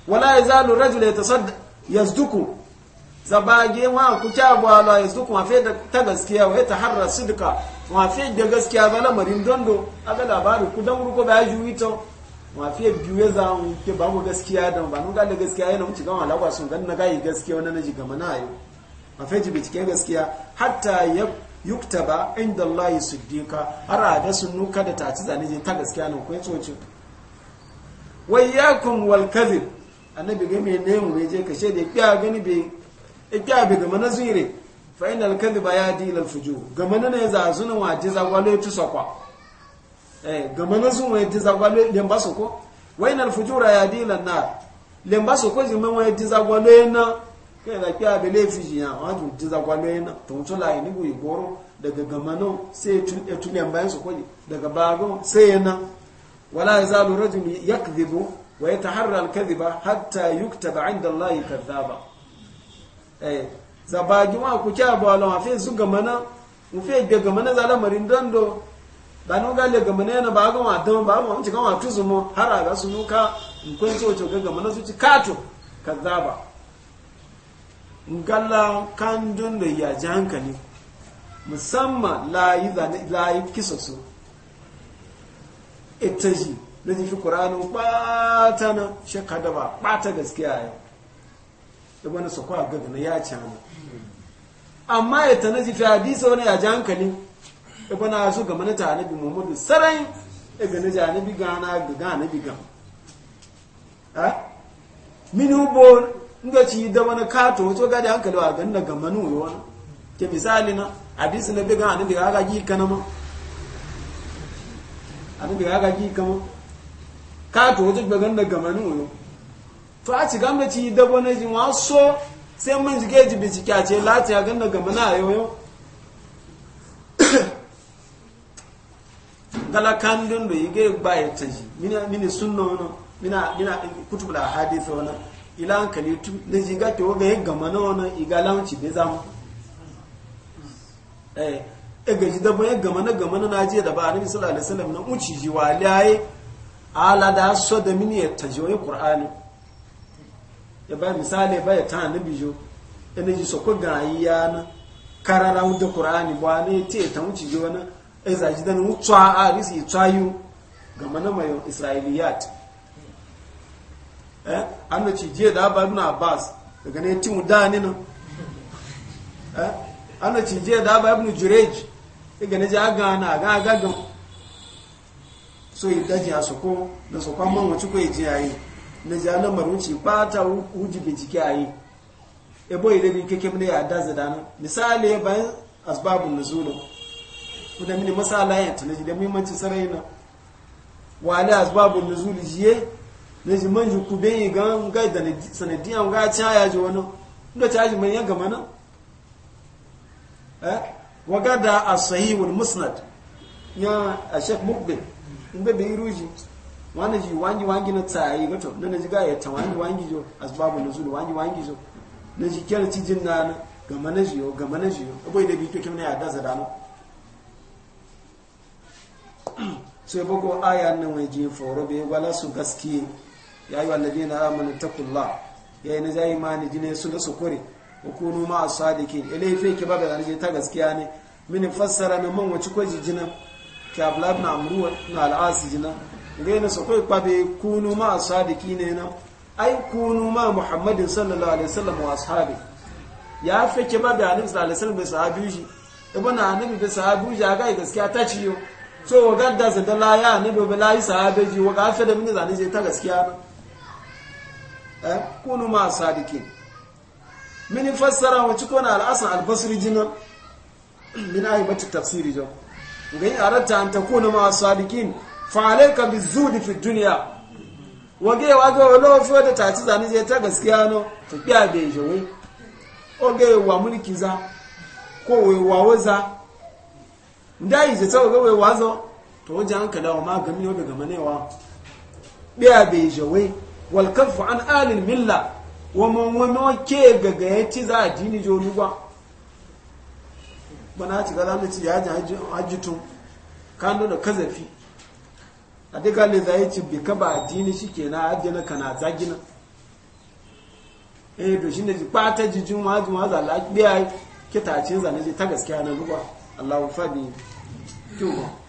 wala yazalu rajul yatasadda yazduku zabage wa ku ta gwala yazduku ma fe ta gaskiya wa ta yataharra sidqa ma fe da gaskiya ga lamarin dondo aga labarin ku dan ruko ba juwi wito ma fe biye za mu ke ba mu gaskiya dan ba nun ga da gaskiya yana mu ci gama wala sun ga na ga gaskiya wannan na ji gama na ayo a faji binciken gaskiya hatta ya yuktaba inda Allah dinka har a ga nuka da ta ci zane ta gaskiya nan kai tsoci ya wal kadhib annabi ga me ne mu je kashe da ya gani bai kiya be ga manazire fa inal kadhiba yadi ila al fujur gama na ya zazuna wa je zagwalo ya tusakwa eh ga manazun wa je zagwalo le su ko wa inal fujura yadi ila nar lemba su ko zima wa je zagwalo na kai da kiya da laifi shi ya wato ji zakwalo yana to mutu yi ni goyi goro daga gamano sai tun e tun yan bayan su daga bago sai yana wala yazalu rajul yakdhibu wa yataharra al-kadhiba hatta ba 'inda Allah kadhaba eh zabagi wa ku kya ba lawa fe su gamana mu fe ga gamana zala marin dando banu ga le gamana na bago wa dan ba mu ci kan wa tuzumo har aga sunuka in kun so gama ga gamana su ci kato kadhaba ngalla kan dun da ya ji hankali musamman layi kisa su ita ji na jifi ƙuranin ɓata na da ba ɓata gaskiya yau da wani su kwa gaga na ya ci hannu amma ita na jifi hadisa wani ya ji hankali da wani e su gama na ta hannabi muhammadu sarai e ga na ji hannabi gana ga ganabi gama mini hubo nga ci da wani kato wato gadi hankali wa ganna ga manu wani ke misali na abisu na bigan a daga aga gi kana ma a daga aga gi kama kato wato ga ganna ga manu yo to a ci gamba ci da wani jin waso sai mun jige ji bincike a ce lati a ganna ga mana yo yo gala kandun do yige ba ya taji mina mina sunna wana mina mina kutubul ahadith wana ila hankali na jinga ke waga ya gama na wani igalawanci bai zama eh ga ji dabba ya gama na gama na najiya da ba a nabi sallallahu alaihi wasallam na uci ji wa laye ala da so da mini ya tajo ya qur'ani ya ba misali ba ya ta nabi jo ina ji so ko ga ya na karara da qur'ani ba ne te ta uci ji wani ai zaji da ni utwa a risi tsayu gama na mai isra'iliyat eh an da ci je eh? da ba ibn abbas daga ne tin da ni eh an da ci je da ba ibn jurej daga ne ja ga na ga ga ga so idaji a soko da sokon man wace ko je yayi na ja na maruci ba ta wuji bincike yayi e boy da bi keke mun ya da zadana misali bayan asbabun nuzul ko da mini masala ya tunaji da muhimmancin sarai na wa ala asbabun nuzul jiye na ji manji ku ben yi gan ga da sanadiyan ga ci ya ji wani da ta ji manyan gama nan eh wa ga da as-sahihul musnad ya a shek mukbe in ga bai ruji wani ji wangi wangi na tsayi gato na na ji ga ya ta wangi wangi jo asbabu nuzul wangi wangi jo na ji kyar ci jin na na gama na ji yo gama na ji yo abai da bi to kimna ya da zadano sai bako aya nan waje foro bai wala su gaskiya ya yi wallabi na amini takulla ya yi na ja imani jine su na sukuri hukunu ma a sadiki ilaife ki ba ga je ta gaskiya ne mini fassara na man wace kwaji jina ki ablab na amruwa na al'asi jina ga na sukuri kwabe kunu ma a sadiki ne na ai kunu ma muhammadin sallallahu alaihi sallam wa ashabi ya fi ki ba ga annabi sallallahu alaihi sallam bai sahabi shi ibn annabi bai sahabi shi aga gaskiya ta ciyo so wa gadda zadalla ya annabi bai layi sahabi ji wa gafe da mini zane je ta gaskiya ba eh kunu ma sadiqin mini fassara wacce ci kona al'asan albasri jinan min aibati tafsiri jo yi arata an takuna ma sadiqin fa alayka bizudi fi dunya wage wage wolo fo da taci zani zai ta gaskiya no to biya be je we oge wa mulki za ko we wa waza yi zai ta oge we wazo to jan kada wa magami yo daga manewa biya be je we wal an alil milla wa man wa ke gaga ya ci za addini jo lugwa bana ci galan da ci ya ji hajjutun kando da kazafi a duka le za yi ci bi ka ba addini shikenan addini kana zagina eh to shine ji kwata jijin waji ma za lafiya kitacin zane ji ta gaskiya na a Allahu fadi tuba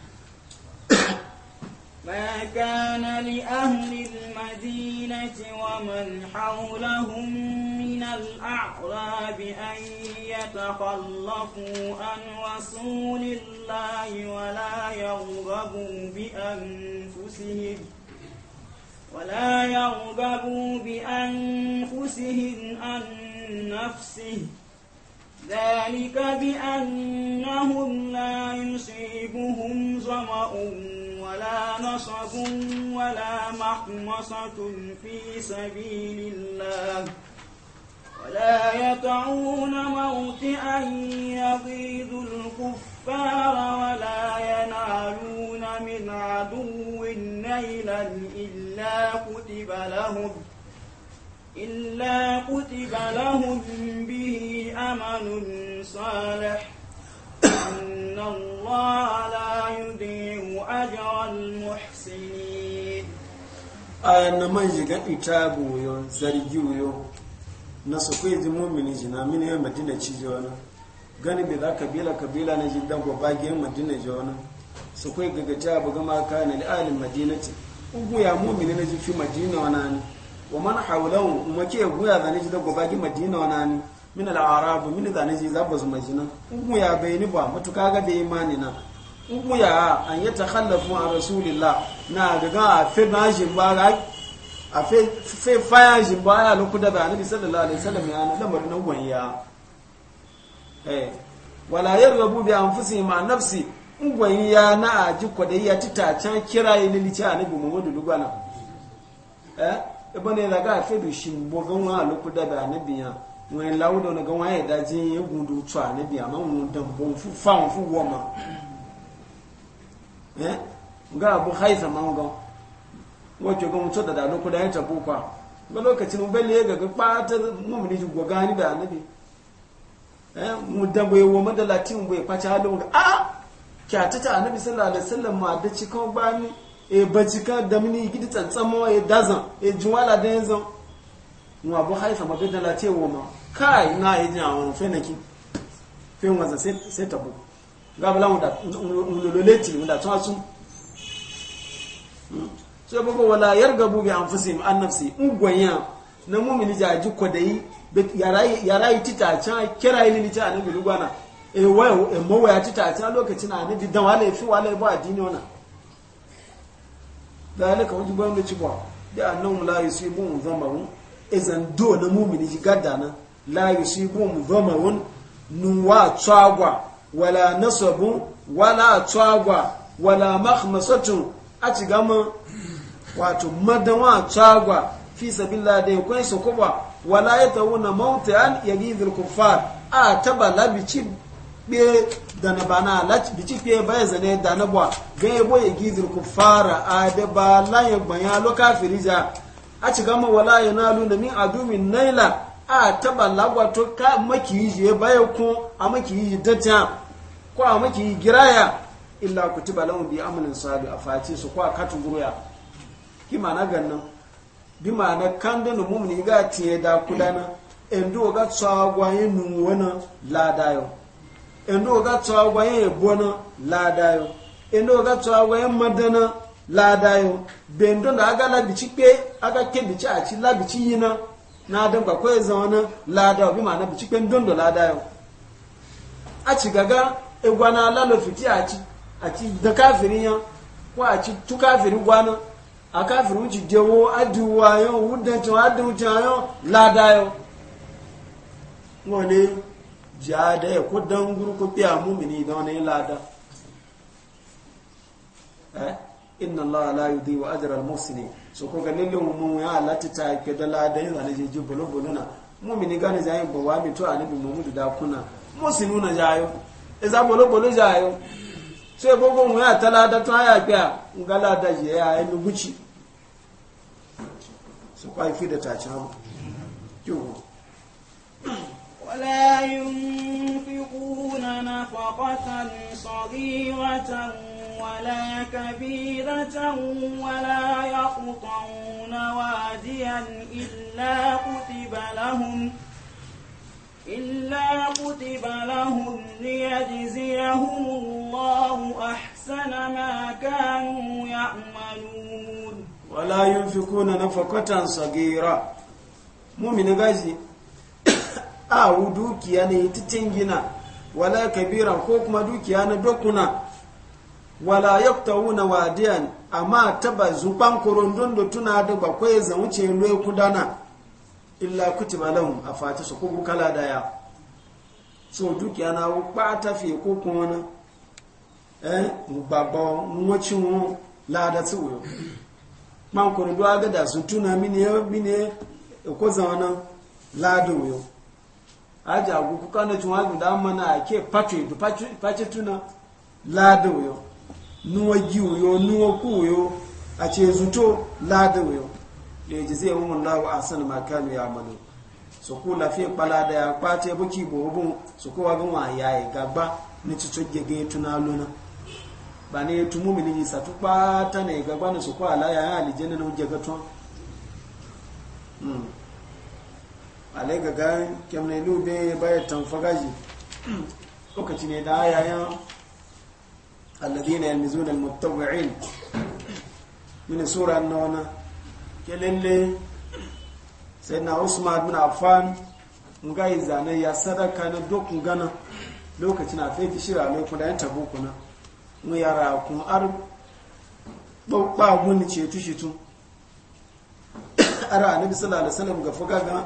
ما كان لأهل المدينة ومن حولهم من الأعراب أن يتخلفوا عن رسول الله ولا يرغبوا بأنفسهم ولا يرغبوا بأنفسهم عن نفسه ذلك بأنهم لا يصيبهم ظمأ ولا نصب ولا محمصة في سبيل الله ولا يطعون موطئا يغيظ الكفار ولا ينالون من عدو نيلا إلا كتب لهم ۖ إلا كتب لهم به أمل صالح إن الله لا يضيع أجر المحسنين أنا ما يجيك إتابو يو زرجو يو nasu kai ji mumini ji na mini yan madina ci ji gani bai za kabila kabila na ji dan gwaba giyan madina ji wani su kai gagaja bu gama kayan al'alin madina ce ugu ya mumini na ji fi madina wani ne wa mana hawlahu kuma ke guya zane ji da goba madina wana ni min al arabu min zane ji za ba su majina in ya bai ni ba mutuka ga bai imani na in ya an ta takhallafu a rasulillah na ga ga fe ba a fe fe faya jin ba ya lokuta da sallallahu ya na lamarin nan ya annabi muhammadu lugana eh ibana yana ga fe da shi bo ga wa lokuta da wọn e lawudo na ga wa e e du anabiya ma wọn dan bo fu fa wọn fu wo ma eh ga ma ga wato ga mutu da da lokuta ya tabu kwa ba lokacin bale ga ga pata mu ne ji gogani eh? da anabi eh mu dan bo wo ma da latin bo ga anabi sallallahu alaihi wasallam ma da ci bani e bacika da mini gidi tsatsamo e dazan e juwala da yanzu mu abu haifa ba dala ce wa ma kai na e jin awon fe naki fe wanzan sai sai tabu ga bala mu da ci mu da tsasu hmm. sai bako wala yargabu bi an anfusihim an nafsi ugwanya na mu'mini yi kodai yarayi titaca kira ilimi ta annabi lugwana e wayo e mawaya titaca lokacin annabi dan wala fi wala ba addini wannan dalika wajen bayan da ci da annan la yusibu mu zama izan do na mumini ji da na la yusibu mu zama nuwa tsagwa wala nasabu wala tsagwa wala makhmasatun a ci gama wato madawa tsagwa fi sabilla da yakwai su kuma wala ya tauna mauta an yagizul kuffar a taba labici dana bana lati bici ke bai zane da na bwa ga ya boye gizir ku fara adaba la ya banya lo kafirija a ci gama wala ya nalu da min adumin naila a taba lagwato ka yi ya baya ku a yi dajiya ko a yi giraya illa kutiba lahum bi amalin sabi a face su ko a katun guruya ki na gannan bi mana kandun mummuni ga tiye da kudana endo ga tsagwaye nuwana ladayo eno ga tsawa ya na laada bona ladayo eno ga tsawa ya na laada ladayo bendo da aga labici kpe aga ke bici a ci labici yina na dan ba na laada ladayo bi ma'ana bici pe dondo ladayo a ci gaga egwana lalo fiti a ci a ci da kafirin ya ko a ci tu kafirin gwana a kafirin ci dewo aduwa yo wudan ci aduwa yo ladayo ngone ja da ya ko dan guru ko biya mumini da wani lada eh inna allaha la yudhi wa ajra al muhsinin so ko ganin lu mu ya lati ta ke da lada yin zane je jibulu buluna mumini gani zai ba wa mi to anabi muhammadu da kuna musinuna jayo e za bolo bolo jayo so e gogo mu ya talada to ya gba ngala da je ya enu guci so kai fi da ta chama kiwo ولا ينفقون نفقة صغيرة ولا كبيرة ولا يقطعون واديا إلا كتب لهم إلا كتب لهم ليجزيهم الله أحسن ما كانوا يعملون ولا ينفقون نفقة صغيرة مؤمن غازي a dukiya ne titin gina wala kabiran ko kuma dukiya na dokuna wala wuna wadiyan amma taba zuban kurundun da tuna da bakwai zauce loye kudana illa kutiba lahum fati su kuku kala daya so dukiya na wu ta fi ko kuma na eh babba nwacin wu lada tsiwo man korondo aga da su tuna mini mini ko zawana lada wuyo aja agu kuka na tun hagu da mana a ake pato idu pace tuna lada wuyo nuwa gi wuyo nuwa ku a ce zuto lada yo, da zai mun lawo a san ya malu su ku lafi kpala da ya kwace buki bobun su kowa wa yi gagba ni ci tsoge tuna luna ba ne tumu mini ni sa tukpa ne gagba ne su ko ala ya no alai ga gan kemne lube bayar tanfagaji lokaci ne da ayayan da yalmizuna almutawwi'in min sura an-nona kelele sayyidina usman bin affan ngai zane ya sadaka na dokun gana lokacin a faiti shira mai da ya tabo mu yara kun ar ba gunni ce tushitu ara annabi sallallahu alaihi wasallam ga fuga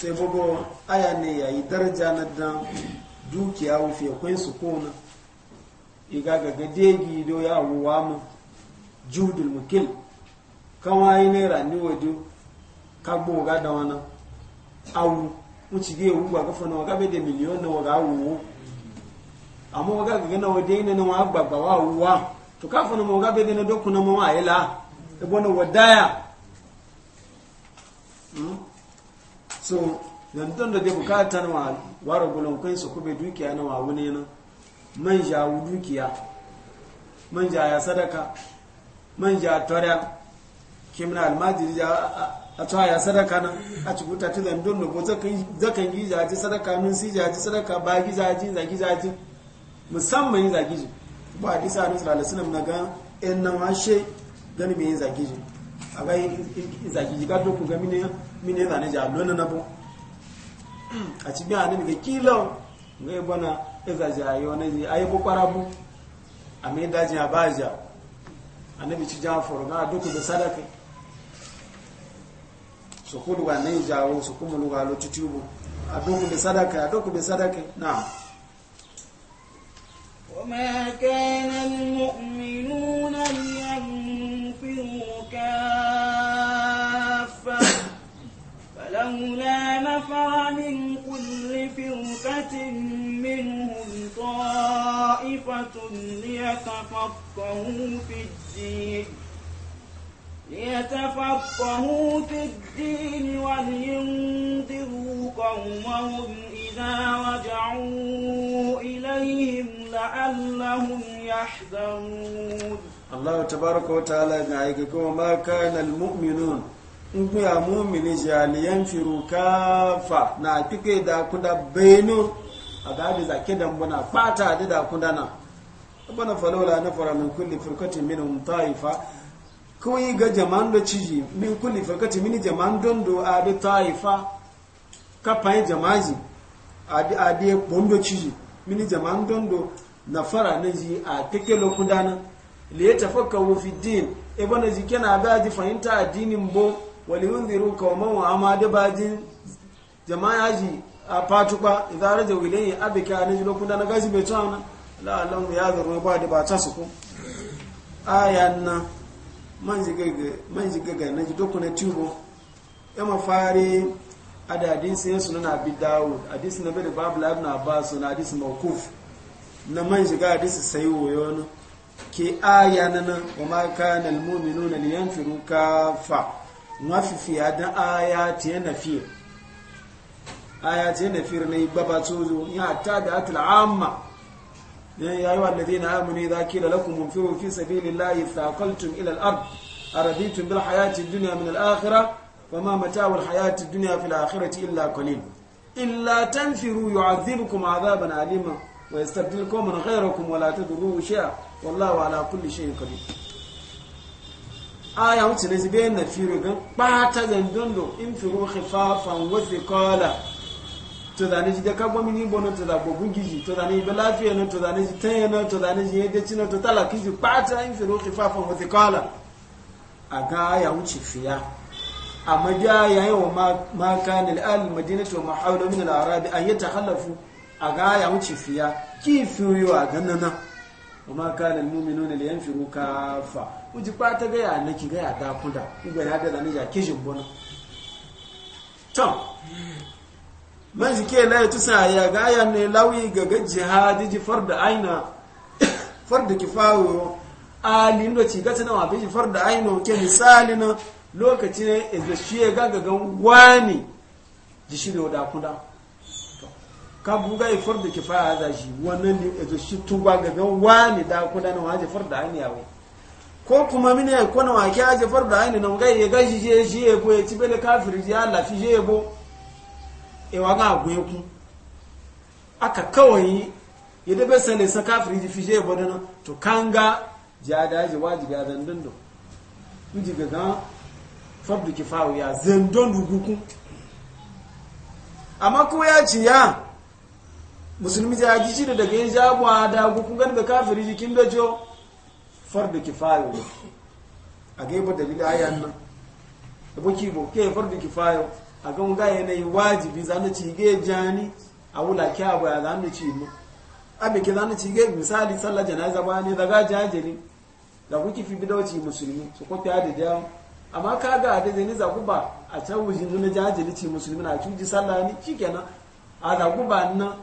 sai bugu aya ne yi daraja na dan dukiya wufe kwai su kona iga ga gadegi do ya wuwa mu judul mukil kawai naira ni wajo ka gboga da wana awu wuce ge wu ga na wa gabe da miliyon na waga ga wu amma wa gaga na wa yi na wa gbagba wa wuwa to ka na wa gabe da na dokuna mawa ila e bona wadaya so yanzu da dai bukatar wa wara kai su kube dukiya na wawu ne nan manja wu dukiya manja ya sadaka manja tora kimna almajiri ya a cewa ya sadaka nan a cikin tattun zandun da ko zakan yi jaji sadaka min si jaji sadaka ba gi jaji zagi jaji musamman yi zagi ji ba a disa nusu da alasunan na ga yan nan washe gani mai yin zagi ji aga zaki jika mine ja lona na bo kilo eza ja yo ne ji ayi parabu ame abaja anabi ci ja foro ga do so ko ne ja wo so lo a وما كان المؤمنون فلولا نفر من كل فرقة منهم طائفة ليتفقهوا في الدين ليتفقهوا في الدين ولينذروا قومهم إذا رجعوا إليهم لعلهم يحذرون الله تبارك وتعالى يقول ما كان المؤمنون nkun ya mumini jaliyan firu kafa na kike da kuda beno a gabi zake da muna fata da da kuda na bana falola na fara min kulli firkatin min taifa kawai ga jaman da ciji min kulli firkatin min jaman don do a da taifa kafan jamaji a adi bondo ciji min jaman don do na fara na ji a kike da kuda na li yatafakkaru fi din e bana ji kana da ji fahimta addinin bo waliyunziru qauman wa amada bajin jama'a ji a fatuba idan raja wilayi abika ne jilo kuna na gashi bai tsana la Allah ya zaro ba da ba ta su ko ayan na man ji gaga man ji gaga na ji dokuna tubo ya mafari adadin sai sunan abi dawud hadisi na bada babu ibn abbas na hadisi mawquf na man shiga hadisi sai woyo ke aya na nan wa ma kana almu'minuna liyanfiru kafa mafifiya don ayatiyar nafir ayatiyar nafir ne baba sojo ya ta da atul amma ya yi wa ladina amini za kila lakum munfiru fi sabilillahi thaqaltum ila al-ard araditum bil hayati dunya min al-akhirah wama mata'u al-hayati dunya fil akhirati illa qalil illa tanfiru yu'adhibukum 'adaban alima wa yastabdilkum min ghayrikum wa la tadurruhu shay'a wallahu ala kulli shay'in qadir aya wuce ne zibe na firu gan ɓata zandondo in firu hifafan wasu kola to da ne ji da kagbo mini bo na to da gbogbo gizi to da ne ibe lafiya na to da ne ji yana na to da ne ji yadda ci na to tala ji ɓata in firu hifafan wasu kola a ga aya wuce fiya amma ya yayin wa ma na al madinatu to ma min al arabi an halafu a ga aya wuce fiya ki fiyo a ganana wa ma na liyan firu kafa uji kwata gaya na ki gaya ya kuda igwe ya da zane jake bono tom man shi ke laye tusa ya gaya ne lauyi ga ga jihadi ji farda aina farda kifawo ali ndo ci gata na wabe ji farda aina ke misali na lokaci ne da shi ya ga ga wani ji shi da kuda ka buga ifar da kifaya za shi wannan ne da shi tuba ga ga wani dakuda na waje farda aina ko kuma mine ya kona wa ki aje farda aini na mugai ya gashi je shi ya ko ya tibele kafiri je ya lafi je bo e wa ga gwe ku aka kawai ya dabe sane sa kafir je fi je bo dana to kanga ji da je wajibi a dan dindo miji ga ga fardu kifawu ya zan don ruguku amma ko ya ci ya musulmi ya ji shi daga yin jabuwa da gukun gan da kafiri jikin jo fardu kifayo ne a gaiba dalilin ayan nan abu ke fardu kifayo a gan ga yanayi wajibi za na ci jani a wula kya baya za na ci mu abin ki za na ci misali sallar janaza ba ne daga jajiri da buki fi bidauci musulmi su kwafi da jawo amma ka ga da zai za ku ba a can wujin na jajiri ci musulmi na cuji sallah ne kenan a zaguba nan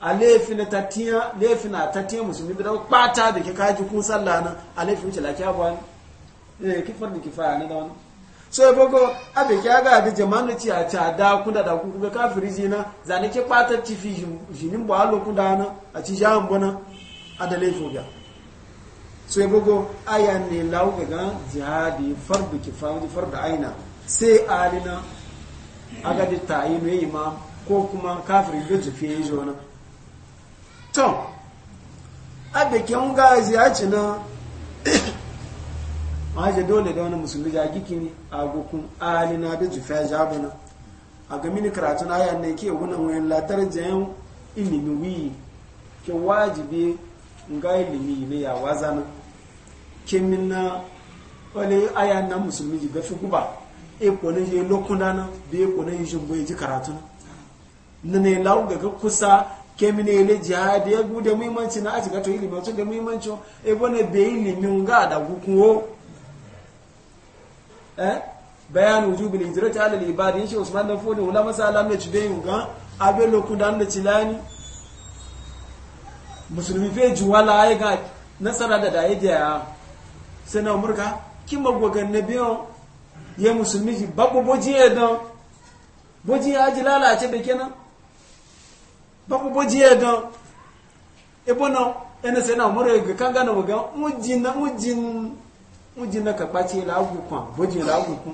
a laifin tatiya laifin a tatiya musulmi bi dan da ke kaji kun sallah na a laifin ce lafiya ba ne eh kifar da kifaya na da wani so ya bogo abe ki aga ga jama'an ci a ta da ku da ku ga kafiri na zane ke bata ci fi jinin ba halo ku da na a ci jahan bona a da laifin ga so ya bogo aya ne lawo ga jihadi fardu kifaya fardu aina sai alina aga yi ta'yinu imam ko kuma kafirin da tafiye na to abekin gazi ya ci na aje dole da wani musulmi giki gikini a gukun ali na da jufa jabu na a ga mini karatu na aya ne ke wunan wayan latar jayan ilimi wi ke wajibi nga ilimi ne ya na. ke minna wale aya na musulmi ji gafi guba e ko je lokuna na e ko ne je boye ji karatu na ne lawo ga kusa kemine ne jihadi ya gude muhimmanci na aji gato ilimin tun da muhimmanci e bane be ilimin nga da o eh bayan wujubil hijrati ala alal ibad in shi usman dan fodi ulama salam ne tube yunga abe loku dan da cilani musulmi fe juwala ay ga nasara da dai da sai na umurka kin magwagan nabiyo ye musulmi babu boji edan boji ya ji lalace da kenan baku boji ya ga ebo na ene se na moro ga kanga na ga mujin na mujin mujin na ka bace la agu kwa boji la agu kwa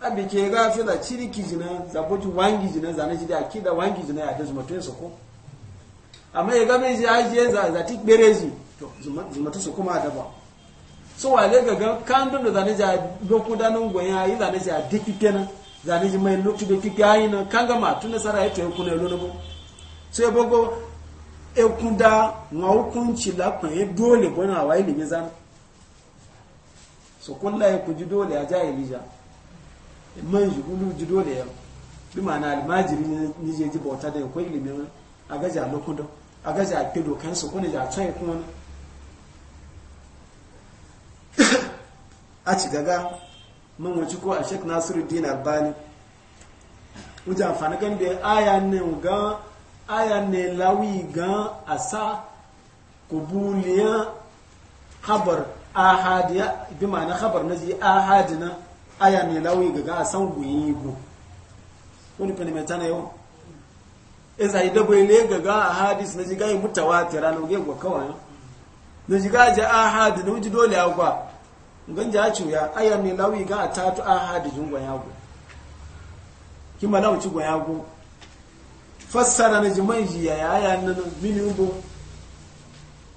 abi ga fi da ciriki jina za boji wangi jina za na jida akida wangi jina ya da zuma to so Ama ya ga me ji aje za za ti berezi to zuma zuma to so kuma da ba so wale ga ga kan don da za na ja lokudan gwan ya yi za na ja dikitena zane ji mai lokacin da kike yayin kan ga matu na sara yato yankuna yalo na bo sai bogo ekun da wa hukunci la dole gona wa zan so kullu ya kuji dole a ji kullu ji dole ya bi almajiri ni je ji da ko a kedo kan su ja tsaye a ci mun wuce ko a shek nasiruddin albani wuce amfani kan da aya ne ga aya ne lawi gan kubuliyan habar ahadiya bi ma'ana habar na ji ahadina aya ne lawi ga ga san guyi go wani fani mai tana yau isa e yi dabo ile ga ga hadis na ji ga yi mutawa tira na ga kawai na ji ga ji ahadi na wuce dole agwa ganja cuya aya ne lawi ga a tatu a hadijin gwayago kima na wuci gwayago fassara na jiman jiya ya aya nan mini ubo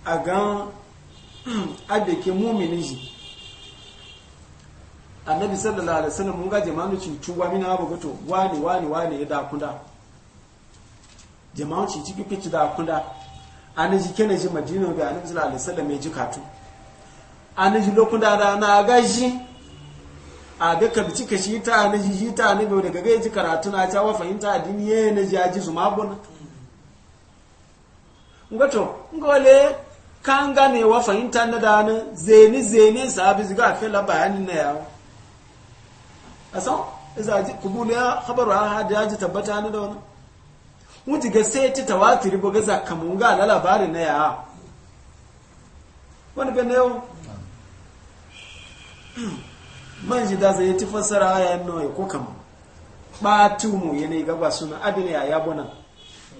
a gan adake muminin ji annabi sallallahu alaihi wasallam mun ga jama'u tuwa mina ba goto wani wani wani ya da kunda jama'u ci ciki kici da kunda an ji kenan ji madina bi annabi sallallahu alaihi wasallam ya ji katu aniji lokun da da na gashi a ga kabci ka shi ta aniji shi ta ne bai daga gaji karatu na cewa fahimta dini ya na ji aji zuma bun ngato ngole kan gane wa fahimta na da ne zeni zeni sabi ziga fela bayanin na yawo asan iza ji kubulu ya khabaru hadi ya ji tabbata ni da wani wuti ga sai ta tawatiri bo ga zakamun ga labarin na ya wani gane ne man shi da zai ti fassara aya no ya ko kama batu mu yanayi gaba suna adini ya yabo nan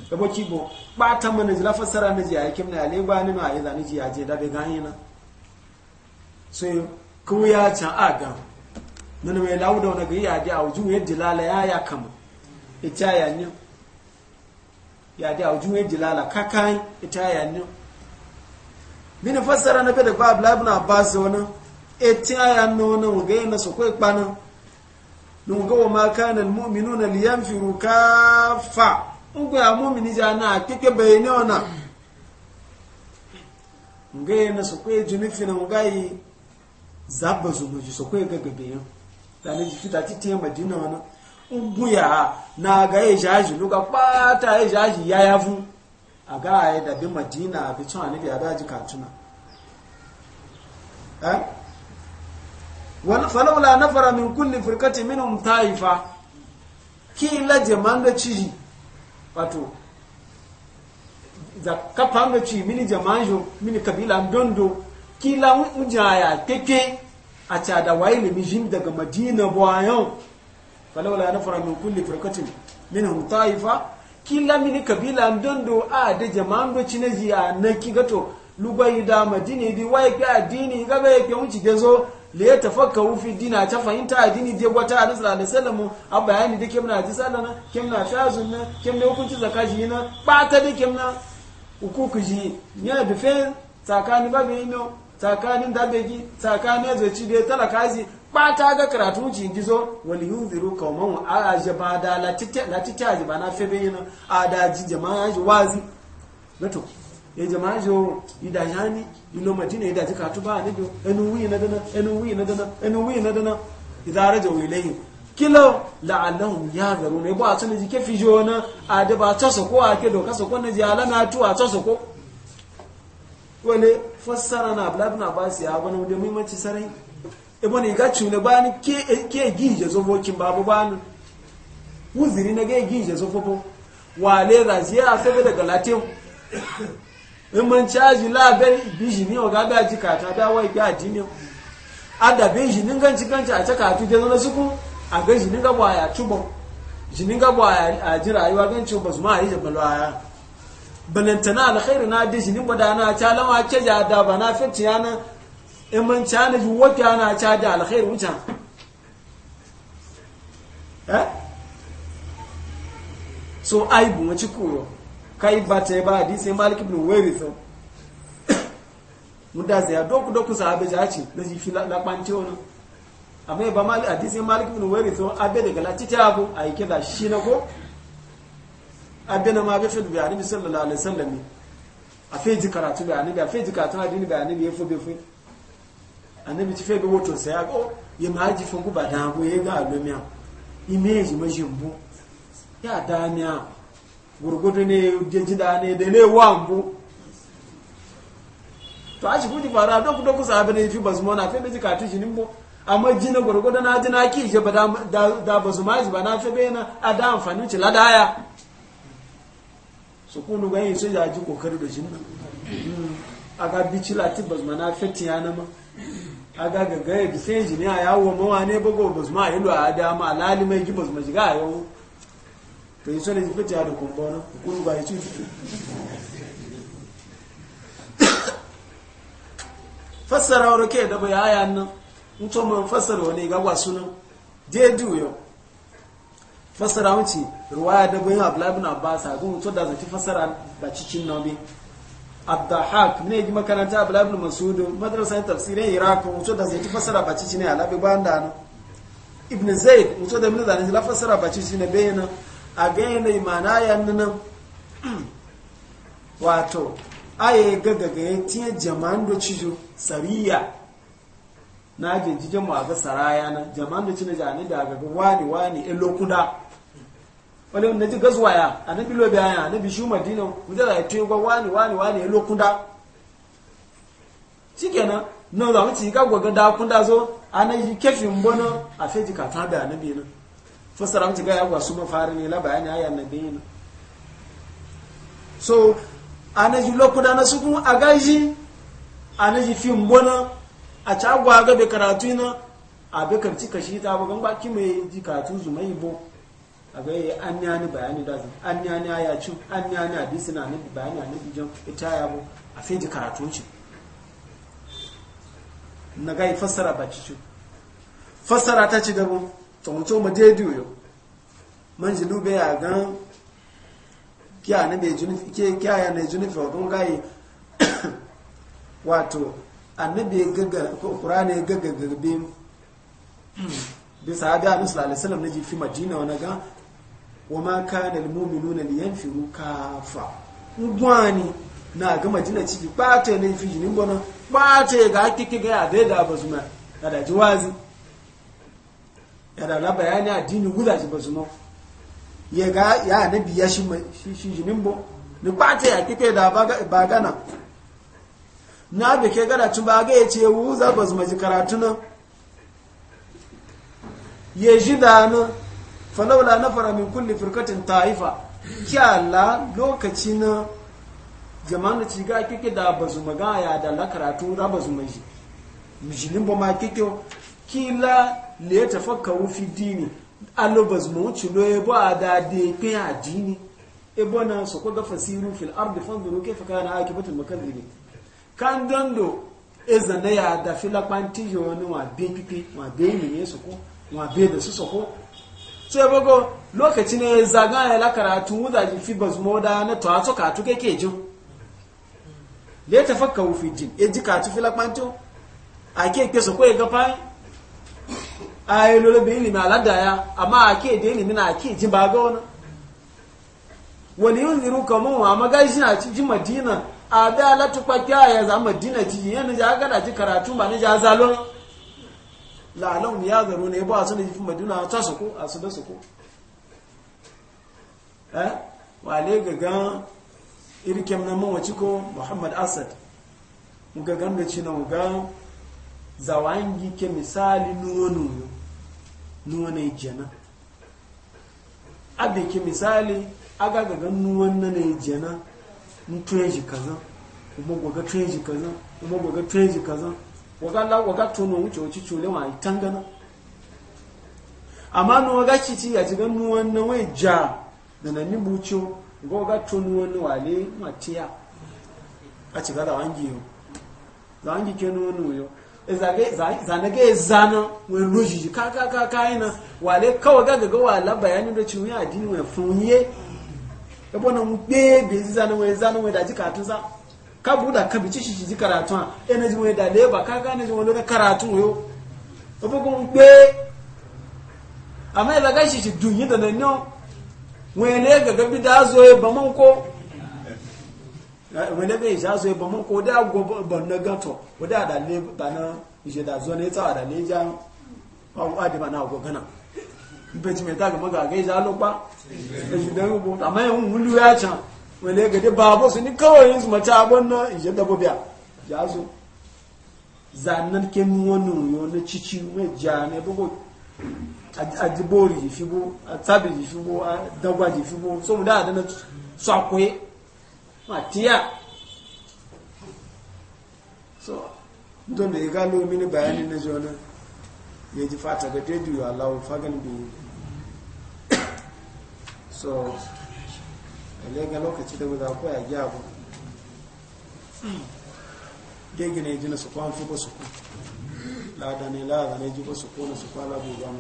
gaba kibo bata mana jila fassara na jiya hakim na ale ba na ayi zani jiya je daga gani na sai ku ya can ga nuna mai lawo da wani ya a wujin ya dilala ya ya kama ita ya ni ya a wujin ya dilala kakai ita ya ni min fassara na bada ba ibn abbas wani etin aya nona wuga yana su kwai kpanin nun ga wa maka na mu'minu na liyan firu fa ugwe a mu'mini ja na kike bayani ona nga yana su kwai jini fina nga yi zaba su muji su kwai ga ji fita titi yan madina wana uguya na ga yi jaji luka kpata yi jaji ya ya fun a ga a dabi madina a bi bi katuna eh falaula nafara min kulli firkati minhum taifa kila jamanga ciji wato za kapanga ci mini jamanjo mini kabila ndondo kila mujaya keke a cada waile mijin daga madina bayan falaula nafara min kulli firkatin minhum taifa kila mini kabila dondo a da jamando cinaji a na kigato lubai da madina di waike addini gaba yake wuce gezo le ya tafakka wufi dina ta fahimta addini dai gwata a nasara da sallamu a bayani da kemna ji sallana kemna tazun na kemna hukunci zakaji na bata da kemna hukuku ji ya da fen tsakanin babu ino tsakanin dabegi tsakanin zoci da talaka ji bata ga karatu ji gizo wani yunziru qauman a aje ba da la titta ji ba na febe yana a da ji jama'a ji wazi na ya jama'a jo ida yani ino madina ida jika tuba ne jo enu wi na dana enu wi na dana enu wi na dana idza rajaw ilayhi kilo la'allahum yadharun ibo atun ji ke fijo na ade ba ta so ko ake do ka so ko na ji ala na tu a ta so ko wani fassara na abu na ba su ya wani wanda muhimmanci sarai ibo ne ga cune ba ni ke gije zobokin babu ba ni wuziri na ga gije zobobo wale raziya a saboda galatin ìmọ̀ tí a yìí lábẹ́ ìbíṣì ní ọ̀gá a jí kàtà bí àwọn ìgbé àdínú adàbí ní gáncigánci àti kàtà jẹ́ ìṣì ní gábọ̀ àyà túbọ̀ a ní gábọ̀ àjíra àyíwá gánci ọmọ zùmọ́ àyíjẹ̀ àyà balantana alkhairu na ke ja da ba na ji wata da alkhairu so aibu mu ci kuro kai ba ta ba hadisi malik ibn warith muda zai doku doku sahabe ja ci da ji fi la panci wani amma ba malik hadisi malik ibn warith abe daga la cici abu ai kida shi na ko abe na ma be fi bi annabi sallallahu alaihi wasallam a fe ji karatu bi annabi a fe ji karatu hadini bi annabi ya fo be fo annabi ti fe be woto sai ko ya ma ji fungu ba da go ye ga lo mi am image ma jimbu ya da mi am gurgudu ne jejida ne da ne wambu to a shi kuti fara don kudo kusa abin da fi basu mona fi da jika tushi nimbo amma na gurgudu na na ki je ba da basu maji ba na fi na a da amfani ci ladaya su kunu ganyi sun ji kokari da jina a ga bici lati basu mana na yana ma a ga gaggaya bi sai jini a yawo mawa ne bago basu ma a yi lo a dama lalimai gi basu ma jiga a yawo to yi sole fi jihar ba yi fassara wani ke fassara wani gagwa sunan jeju yau fassara wuce ruwaya da bai abu labin gun mutum da zafi fassara da cikin nabi abdahak ne yi makaranta tafsirin mutum da zafi fassara ba cikin ne alabi ba da ibn zaid mutum da fassara ba cikin ne a gaya mai mana yannan wato aye gagaga ya tiye jaman da cijo sariya na jinji jamu a ga saraya na jaman da cina jani da gaga wani wani in e lokuda wani wanda ji gazuwa ya a na bilo bayan a na bishu madina da ya tiye gwa wani wani wani in e lokuda shi kenan nan zamu ci ga gwaga da kunda zo a na yi kefin bono a feji ka tabi a na biyu fasara mutu gaya gwa su mafari ne la bayani aya na bayin so anaji lokuda na su kuma agaji anaji fi mbona a ci agwa ga bai karatu na a bai karci kashi ta abu gan baki mai ji karatu mai bo, a ga yi an yani bayani da zai an yani aya ci an yani hadisi na nabi bayani nabi jan ita ya bo, a fi ji karatu ci na ga yi fasara ba ci ci fasara ta ci gaba tsohonto ma je duyo man ji lube a gan kiya na mai junifi kiya ya na junifi wa gungaye wato annabi ƙurani ne garbe bisa ga annabi sallallahu alaihi wasallam na jifi madina wani gan wa ma kana almu'minuna liyanfiru kafa ngwani na ga madina ciki bata ne fi jinin bona bata ga kike ga da zuma bazuma da da jiwazi ya da la bayani addini guda shi ba zuma mo ya ga ya nabi ya shi shi jinin bo ni ba ya kike da ba gana na da ke gada tun ba ga ya ce wu za ba su ji karatu nan ya ji da nan falaula na fara min kulli firqatin ta'ifa kyala lokaci na jama'an ci ga kike da ba su ya da la karatu za ba su ji mijinin ba ma kike kila le tafakkaru fi dini alobas mu ci lo ebo adade pe adini ebo na so ko ga fasiru fil ardi fanzuru kayfa kana akibatul mukadzibin kan dondo e da ya da la panti yo ni wa be pipi wa be ni yesu ko wa be da su soko so ebo go lokaci ne zaga ya la karatu da ji fi bazmo da na to aso ka tuke ke jin le tafakkaru fi din e ji ka tu fila panto ake ke so ko e ga fa ayo lolo be ilimi aladaya amma ake da ilimi na ake ji ba ga wani wani yin ziru kamo wa maga shi na ji madina a da alatu kwakiya ya za madina ci yana ja gada ji karatu ba ni ja zalon mu ya zaro ne ba su ne ji madina a ta suko a su da suko eh wale gagan irkem na mawaci ko muhammad asad mugagan da ci na ga zawangi ke misali nuno nuno nuwana jana abe ke misali aga gaga nuwan na na jana ntweji kaza kuma gwaga tweji kaza kuma gwaga tweji kaza waga la waga tono wuce wuce chule wa itangana amma nuwa ga cici ya gan nuwan na wai ja da na ni bucho gwaga tono wani wale matiya a da wangi yau da wangi ke nuwan yo ya zana wani ka kakakaka yana wale kawai gagaga wala bayanin da cin ya dini wani funye yabo na gbebe zana wani zana wani daji katun sa ka buda ka bici shi ji karatu ha ina wani da ba ka gane ji wani karatu yo yabo kun gbe amma ya zaga shi shi dunyi da nan wani ne gaga bi da zo ya ba man Eh, wani bai ja so ba mun ko da gobar na gato wadda da le ba na ishe da zo ne ta da le ja ba a da ba na go gana beji me daga maga ga ja lo pa ishe da go amma yun hulu ya can wani ga da babo su ni kawai yin su mata abon na ishe da gobiya ja so zanan ke mu wonu yo na cici me ja ne bugo ajibori fi bo atabi fi bo dagwaji fi bo so mu da da na so matiya so don da bayani na jona ji fata ga teju so ga da ko ya gege ne ji na su kwan su ne ne ji su su bu mu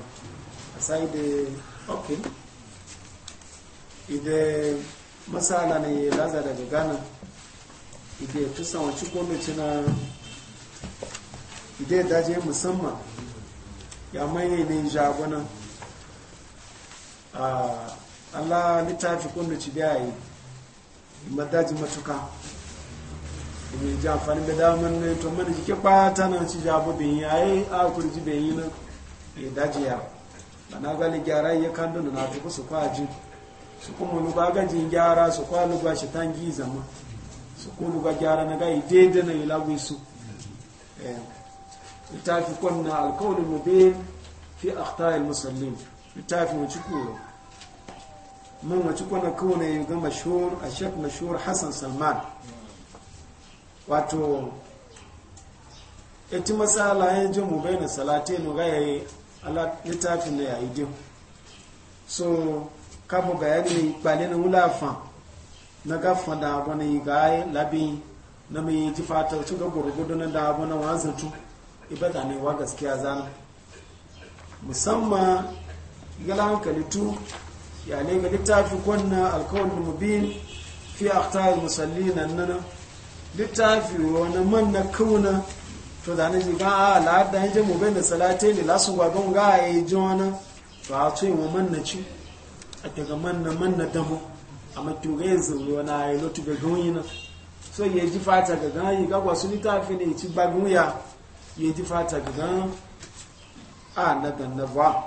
da ok idan masana ne laza daga ghana ide wace wacce gwamnati na ide daje musamman ya maye ne jagonan ah, allah littafi gwamnati da yi madaji matuka ne ji amfani da damar ne to mana jike bata nan ci jabo bin yayi a kurji bin yi nan ya daji ya ba na gani gyara ya kan dunu na tuku su kwaji su kuma luba gajin gyara su kwa nuba shi tangi zama su kuma gyara na gai daidai na ilawi su eh, littafi kwanna alkawar mube fi akhtaril musallin littafi wacce kuro mun wacce kwana kone ga mashhur a shek mashhur hassan salman wato ita matsala yin jin mu bai na salate no ya yayi littafin na yayi yi so kabo gaya ni bale ni wula fan na ga fan da wani ga labi na mai ji fata su ga gurgudu na da wani wazin tu da ne wa gaskiya zana. musamman gala hankali tu ya ne ga littafi kwanna alkawar mubin fi akhtar musalli na nana littafi wani man na kauna to da ne ga a ah, la'adda ya je mubin da salatai ne lasu gwagon ga a yi ji wani to a tsoyi wa man na ci daga manna manna damu a matugai zuwa na ya lotu ga gawina so yi ji fata ga gan ga kwasu littafi ne ci gbaguya yi ji fata ga gan a na ganna ba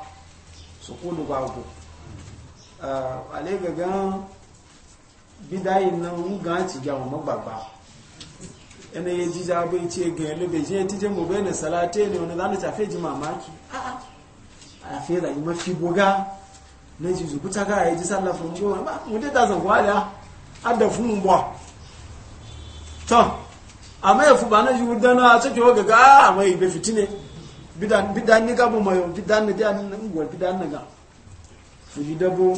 su kudu ba ku a le ga gan bidayin nan gan ci gyawa magbagba yana ya ji zaɓe ce ga yalu bai je tije mu bai na salate ne wani zanen tafe ji mamaki a'a a fiye da yi mafi buga na ji zuku ta gaya ji sallah fun ji wani mu mutu ta san a da adda fun bwa to amma ya fuba na ji wudana a cikin waga ga amma ah, ibe fitine bidan bidan ni gabu mayo bidan ni da nan ngwal bidan na ga fuji dabo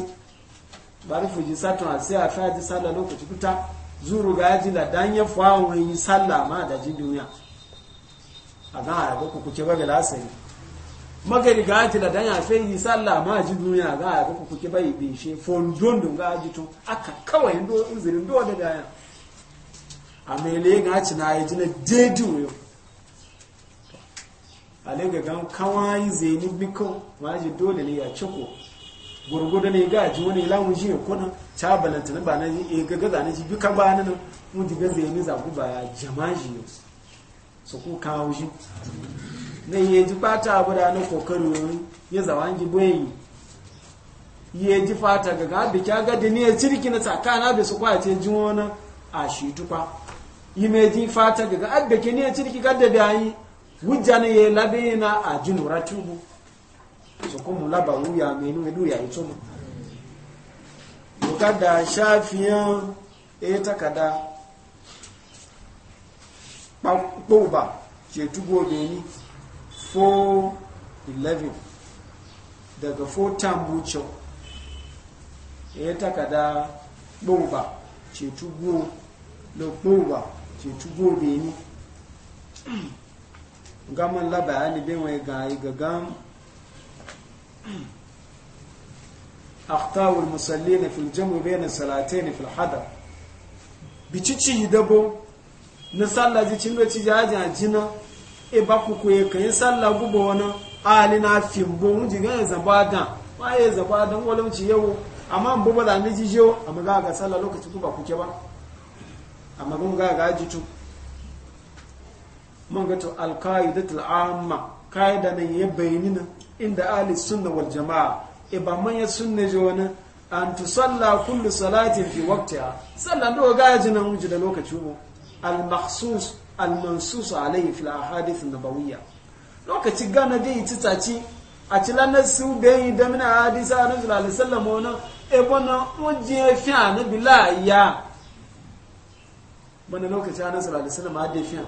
bari fuji satun a sai a fa ji sallah lokaci kuta zuru ga ji la dan ya fa wani sallah ma da ji duniya a ga ya ko ku kuke ba ga lasai magari ga ati da dan ya sai yi sallah ma ji duniya ga ya ku kuke bai bin she fondon dun ga ji to aka kawai ndo uzirin do da daya amele ga ci na yi jina dedu yo ale ga gan kawai zeni biko ma ji dole ne ya ciko gurgudu ne ga ji wani lamun ji ko na ta balanta ba na e ga gaza ne ji bika ba nan mun ji ga zeni za ku ba jama'i so ku kawo shi na iya ji fata abu da nan kokari ya zawa ji boyi ya ji fata ga gabi kya ga da niyyar cirki na tsakana bai su kwace ji wani a shi tukwa yi mai ji fata ga gabi ke niyyar cirki gadda da yi wujja na ya labe na a ji nura tubu su kuma laba wuya mai nuna duya ya tuma bukada shafiyan ya e takada ɓauɓa ke tugo beni 411 daga 4 tambucho ya takada gbogbo cetu gbogbo da gbogbo cetu gbogbo beni gaman labaya ne bin wai ga igagan aktawul musalli na filjamu bai na salatai na filhada bicici dabo na sallaji cin gaci jajajina Iba e kuku ku kuye kan sallah gubo wani ali na fimbo mun ji ga zaba dan ba ya zaba da wala mun ci yau amma mun ba da ni jiyo amma ga ga sallah lokaci ku ba ku ke ba amma mun ga ga ji tu mun ga to alqaidatul amma kaida ne ya bayyana inda ahli sunna wal jamaa e ba man ya sunna je wani an salla kullu salatin fi waqtiha sallan do ga ji nan mun ji da lokaci mu al makhsus almansusu alayhi fil ahadith nabawiyya lokaci gana dai ci taci a ci lanar su bai da mina hadisa a nasu alisallam wani ebo na oje fi a na bila ya bana lokaci a nasu alisallam a dai fi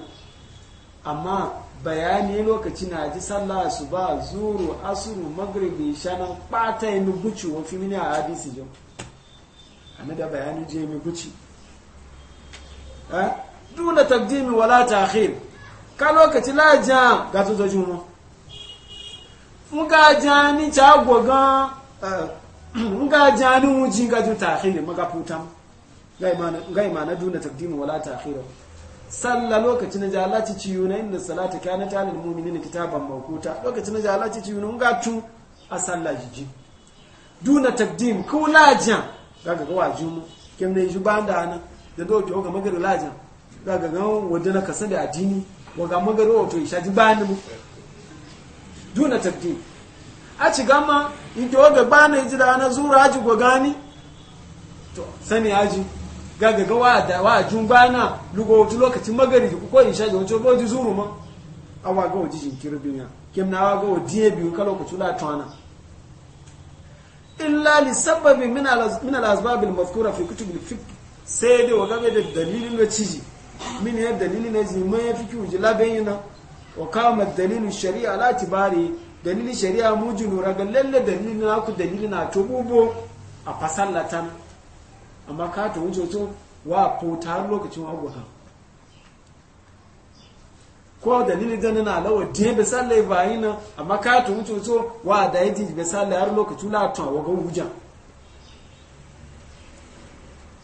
amma bayani lokaci na ji sallah su ba zuru asuru magribi shanan bata yi guci wa fi a hadisi yau a da bayani je mi guci eh? duna takdimi wala ta'khir ka lokaci la ja ga to zo jumo ga ja eh, ni cha gogan muga ja ni wuji ga ju ta'khir maga putam ga imana ga imana duna takdimi wala ta'khir salla ja da ci ciyu na inda salata kana ta lil mu'minina kitaban mawquta lokacin da ci ciyu na ga tu a salla jiji duna takdim ko la ja ga ga wa jumo kemne ju banda na da dojo ga magana la ja za ga gan wadda na kasa da addini waga magaro wato isha ji ba ni mu duna tabdi a ci gama ita waga ba na ji da na zura haji go gani to sani haji ga ga ga wa da wa jun ba na lugo wato lokacin magari ji ko isha ji wato goji zuru ma awa ga waji jin kirbin ya kim na waga waji ya biyu ka lokacin la twana illa li sababi min al min al asbab al mazkura fi kutub al fiqh sai dai waga da dalilin da ciji min ya dalili na zima ya fi kyuji labin yana wa kama dalilin shari'a lati bari dalilin shari'a mu junura ga lalle dalilin na ku dalilin na to bubo a fasallatan amma ka ta wuce to wa fota har lokacin agwata ko dalilin dana na lawa diye be sallai bayi na amma ka ta wuce to wa da yaji be sallai har lokacin la ta wa ga wuja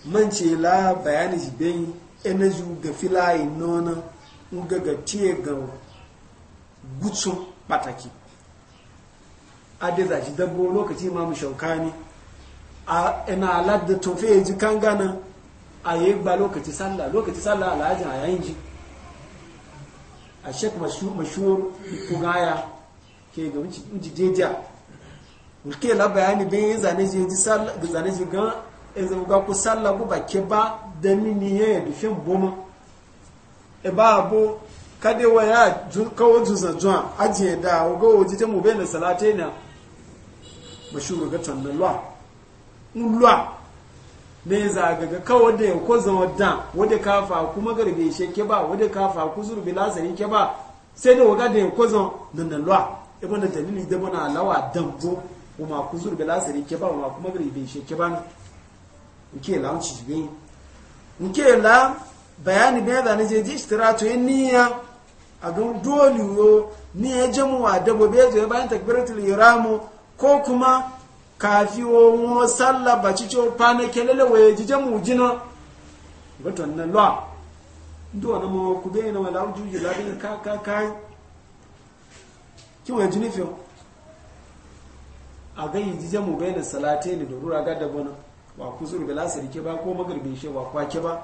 man ce bayani shi energy ga filayi nona ga ga tie ga gutsun pataki za shi dabbo lokaci shauka ne a ina aladda tofe ji kan gana a yi ba lokaci sallah lokaci sallah alhaji a yayin ji a shek mashuwar kugaya ke ga wuce jejiya wuke labayani bayan zane ji zane ji gan ezo ga ku sallah ku bakke ba da mini ya da fin bomo e ba abu kade wa ya kawo juza juwa ajiye da ga waje ta mu bayan salate na mashuru ga tanna lwa ulwa ne za ga ga kawo da ya ko zama da k'a kafa kuma garbe sheke ba wada kafa ku zurbi lazari ke ba sai da waga da ya ko zan? nan lwa e bana dalili da bana lawa dambo kuma ku zurbi lazari ke ba kuma garbe sheke ba na nke la wuce nke la bayani bai da nije ji istirato yin niyya a ga dole ni ya jamu wa dabo bai zo bayan takbiratul ihram ko kuma kafi wo wo sallah ba ci cho pana kelele waye ji jamu jina baton na lo ndo na mo ku bai na wala uju ji labin ka ka ka ki wa jini fiyo a ga yi ji jamu bai na salate ne da rura ga wa kusur bela sirke ba ko magarbin shi wa kwake ba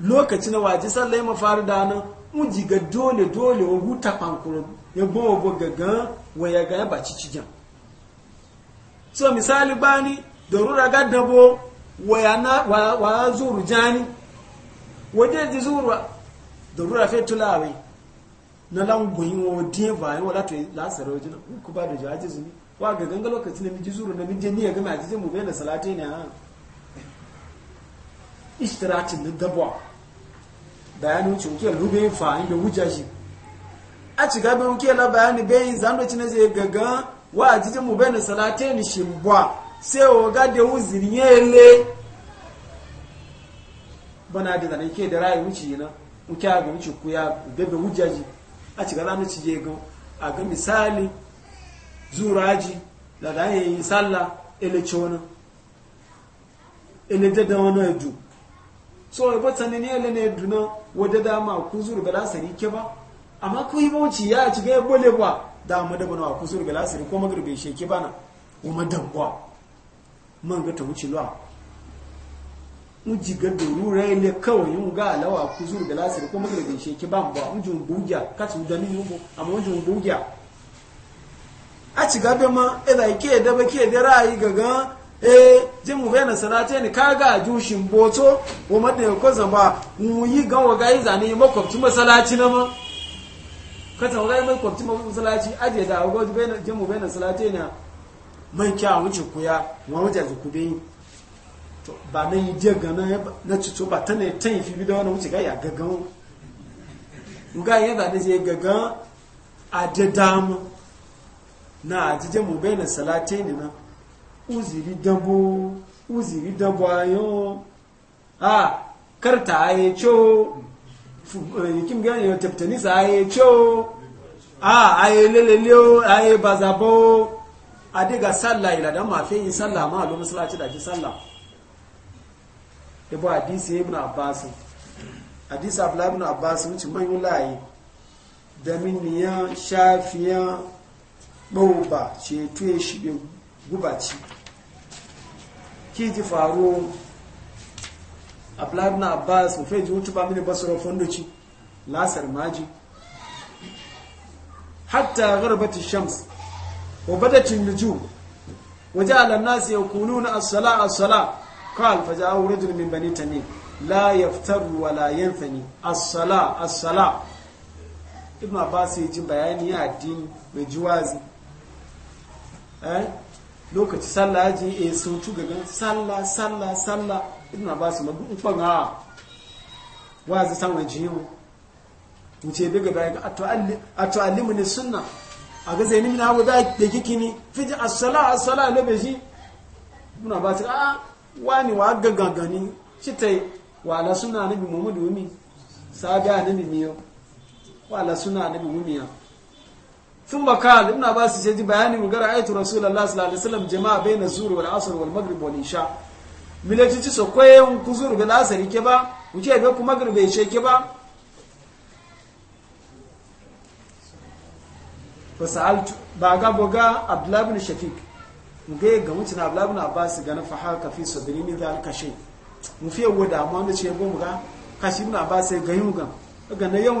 lokaci na waji sallai mafari da nan unji ga dole dole wa huta fankuru ya gbowa bo wa ya ga ba ci cijan so misali bani darura ga dabo wa ya zuru jani waje ji zuru darura fe tulawe na langun yi wa diye ba yi wa lati wajen ku ba da jaji wa ga ganga lokacin da miji zuru na miji ne ya gama jijin mu bai na salati ne ha istirati da dabwa bayanin wuce ke lube fa inda wuja shi a ci gaban wuke la bayani bai zando cin zai gaga wa jijin mu bai na salati ne bwa sai o ga da wuzirin yele bana da zane ke da rayu ne na wuke ga wuci ku ya bebe wujaji a ci gaban ci je ga a ga misali zuraji da da yin sallah ele chona ele da da wani edu so ya bata ne ele ne edu na wada dama ma ku zuru bala sari ke ba amma ku yi bauci ya ci ga bole ba da ma da bana ku zuru bala sari ko magarbe shi ke bana kuma dabwa man ga ta wuce luwa mu ji ga doru rai ne kawai yin ga alawa ku zuru bala sari ko magrube shi ke ba mu ba mu jun bugya ka su da ni mu amma mu bugya a ci gabe ma e ila ke da ba ke da ra'ayi gaga eh jin mu salate ne kaga jushin boto wa madan ko zamba mu yi ga wa gayi zane masalaci na ma ka ta wa makwabci masalaci aje da ga bena mu salate ne mai kya wuce kuya wa wuce ba na yi je ga na na na ajije mu salate salatain na uziri dabo uziri dabo ayo a karta aye cho eh, kim gani yo teptanisa aye cho a aye lelele o aye bazabo adiga salla ila da mafi yin salla ma lo musulaci da ki salla ibo hadisi ibn abbas hadisi abdullah ibn abbas wuce man yulayi da min niyan shafiyan ɗauba ce tuye shi bai gubaci ki ji faru a ibn abbas mafi ji hutu ba mini da fondoci lasar maji hatta garbati shams wa da ju waje alannas ya kunu na asala asala kawal faja a wurin min bani ne la yaftaru wa la fani asala asala ibn abbas ya ji bayani ya addini mai jiwazi Eh? lokaci sallah ji e eh, sun tu gan sallah sallah sallah ibn ba ma bu kwan ha wa zai san waje mu wuce daga gaba ga ato alimu ne sunna a ga zaini min hawo da da kikini fiji as-sala as-sala ne beji ibn ba a wani wa gagagani shi yi wa la sunna bi muhammadu wumi sabi bi miyo wa la sunna bi wumiya ثم قال ابن عباس جدي بياني من رأيت رسول الله صلى الله عليه وسلم جماعة بين الزور والعصر والمغرب والإشاء milati ci so koye un kuzuru be lasari ke ba wuce be ku magribe ce ke ba fa sa'altu ba ga boga abdullah ibn shafiq muge ga mutun abdullah ibn abbas ga na faha ka fi sadri ni dal kashe mu fiye wada mu an ce go muga kashi ibn abbas ga yuga ga na yau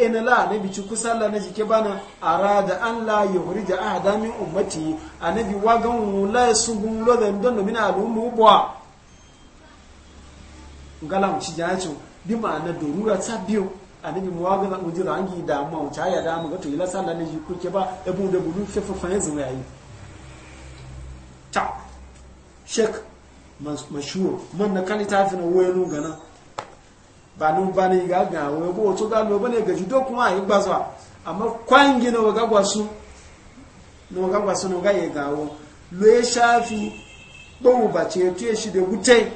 in la na bici kusa la na jike bana arada an la yuhrija ahada min ummati anabi wagan la gun lo da don min alumu bwa ngalam ci jacho bi ma na dorura ta biyo anabi mu wagan mu ji rangi da mu mu ya da mu ga to ila sallah ne ji ke ba e bu da bulu fe fa fan zuwa ta shek mashur man na fi na wayanu gana banu bani ga ga we bo to ga lo bane ga judo kuma yi gbazwa amma kwangi no ga gwasu no ga gwasu no ga ye gawo lo e shafi bo ba ce to e shi de gute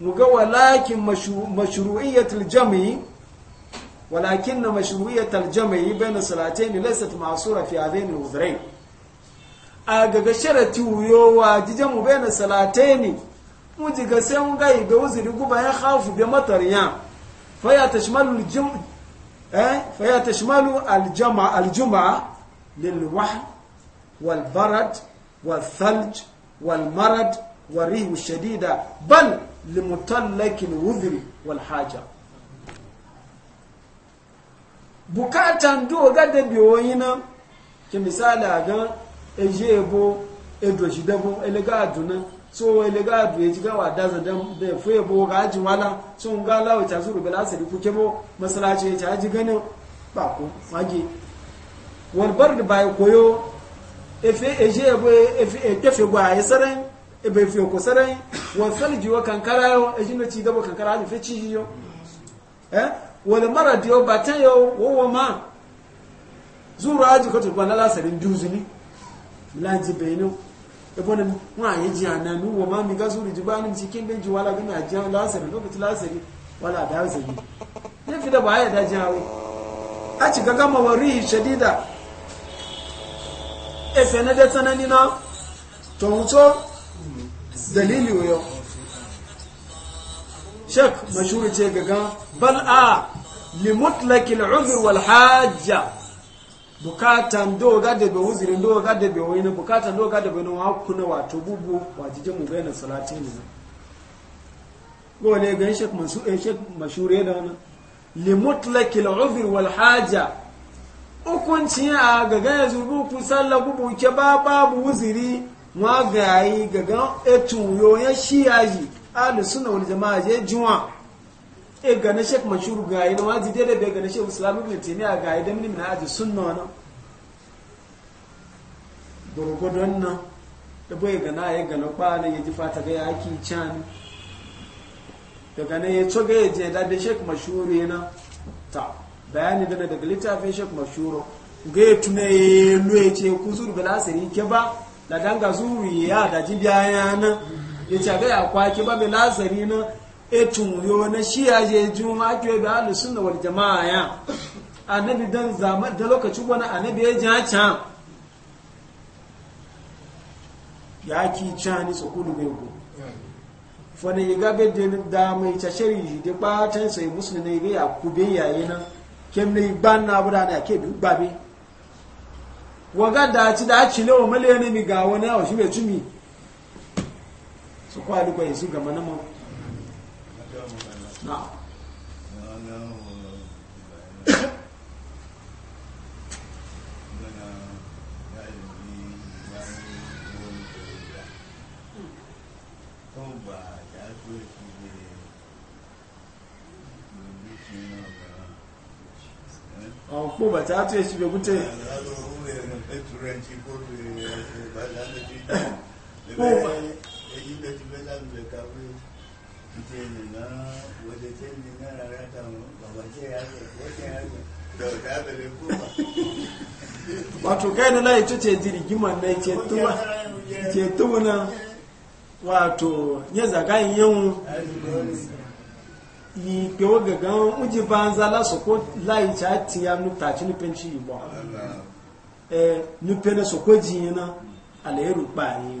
mu ga walakin mashru'iyatul jam'i walakin mashru'iyatul jam'i bayna salatayn laysat ma'sura fi hadain al-udhrayn a ga ga sharati bai jijamu bayna salatayn wuji ga sai mun gai ga uzuri guba ya khafu bi matariya fa ya tashmalu aljum eh fa ya tashmalu aljama aljuma lil wal barad wal thalj wal marad wal rih shadida bal wal haja bukatan do ga da biyoyina ki misali ga ejebo aduna so wele ga duwe ji ga wada zadan da fuye bo ga aji wala sun gala lawo ta zuru bala sai ku kebo masalaci ya ci aji ganin ba ko mage wal bard bai koyo efe eje bai efe tafe gwa ya saran e bai fiye ko saran wal salji kankara yau eji no ci gaba kankara ne fe ci yau eh wani mara diyo ba ta yau wo ma zuwa aji ko to bala sarin duzuni laji beinu ibn wa yaji ananu wa ma mi gasuri jibani cikin bin jiwala gami a jiyan lasari lokaci lasari wala da yasari ne fi da baya da jiyawo a ci ga gama wari rihi shadida e da tsanani na to wuto dalili yo shek mashuri ce gaga bal a li mutlaqil uzr wal hajja bukata ndo gade be uzire ndo gade be wina bukata ndo gade be no hakuna wato bubu wajije mu bayan salati ne go ne ga shek masu eh shek mashure da wannan li mutlaqil uzr wal haja hukunci a gaga ya zubu ku sallah ku buke ba babu uziri ma gayi gaga etu yo ya shiyaji ahlus sunna wal jamaa je juwa e gane shek mashuru gayi na waji daidai bai gane shek islamic litiniya gayi da nimina aji sun wani gurgudun nan da bai gana ya gano kwana ya ji fata ga yaki can da gane ya coga ya je da shek mashuru yana ta bayani dana daga littafin shek mashuru ga ya tuna ya luye ce ku zuru belasiri ke ba da danga zuru ya da ji yana ya ce ga ya kwaki ba belasiri na etun yóò na shiya ayé juma ke da ahlus sunna wal jamaa ya annabi dan zama da lokaci gona annabi ya ja can ya ki cani su kudu ku ya gabe da mai tashari da batan sai musulmi ne ga yakube yayi ban na da ci da نعم ọ̀pọ̀ bàtà tó èsì bẹ̀ gúté ọ̀pọ̀ wato kai na layi ce jirgiman na ke tumuna wato ya zagayin yawon ìpè yi gẹ̀gán ó jí bá ń zá lásòkó láì tí a ti ya núta tí ní pẹ́ntì ìbọn ẹ ní pẹ́ntì sòkó jìyìn náà àlẹ́ Yi pa àyè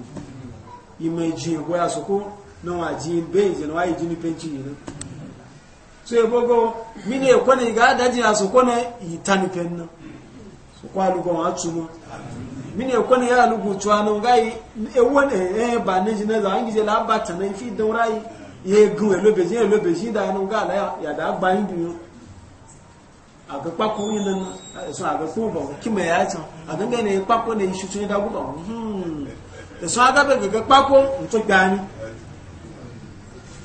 ìmọ̀ ìjìyìn ko. não adim bem não aí de pentinho né so e bogo mini e kone ga da ji aso kone itani penna so kwa lu ko atuma mini e kone ya lu gu twa no ga yi e won e e ba ne ji na za angi je la ba tan e fi don rai ye gun e lo beji e lo beji da no ga la ya da gba yin du aga papo yin na so aga ko bo ki me ya tan aga ne ne papo ne isu tun da gu ba hmm so aga be ga papo nto gba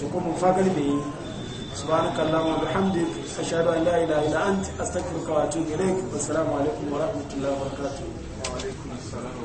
so ko mun fagal be yi subhanaka allahumma bihamdik ashhadu an la ilaha illa ta astaghfiruka wa atubu ilaik assalamu alaikum wa rahmatullahi wa barakatuh wa alaikum assalam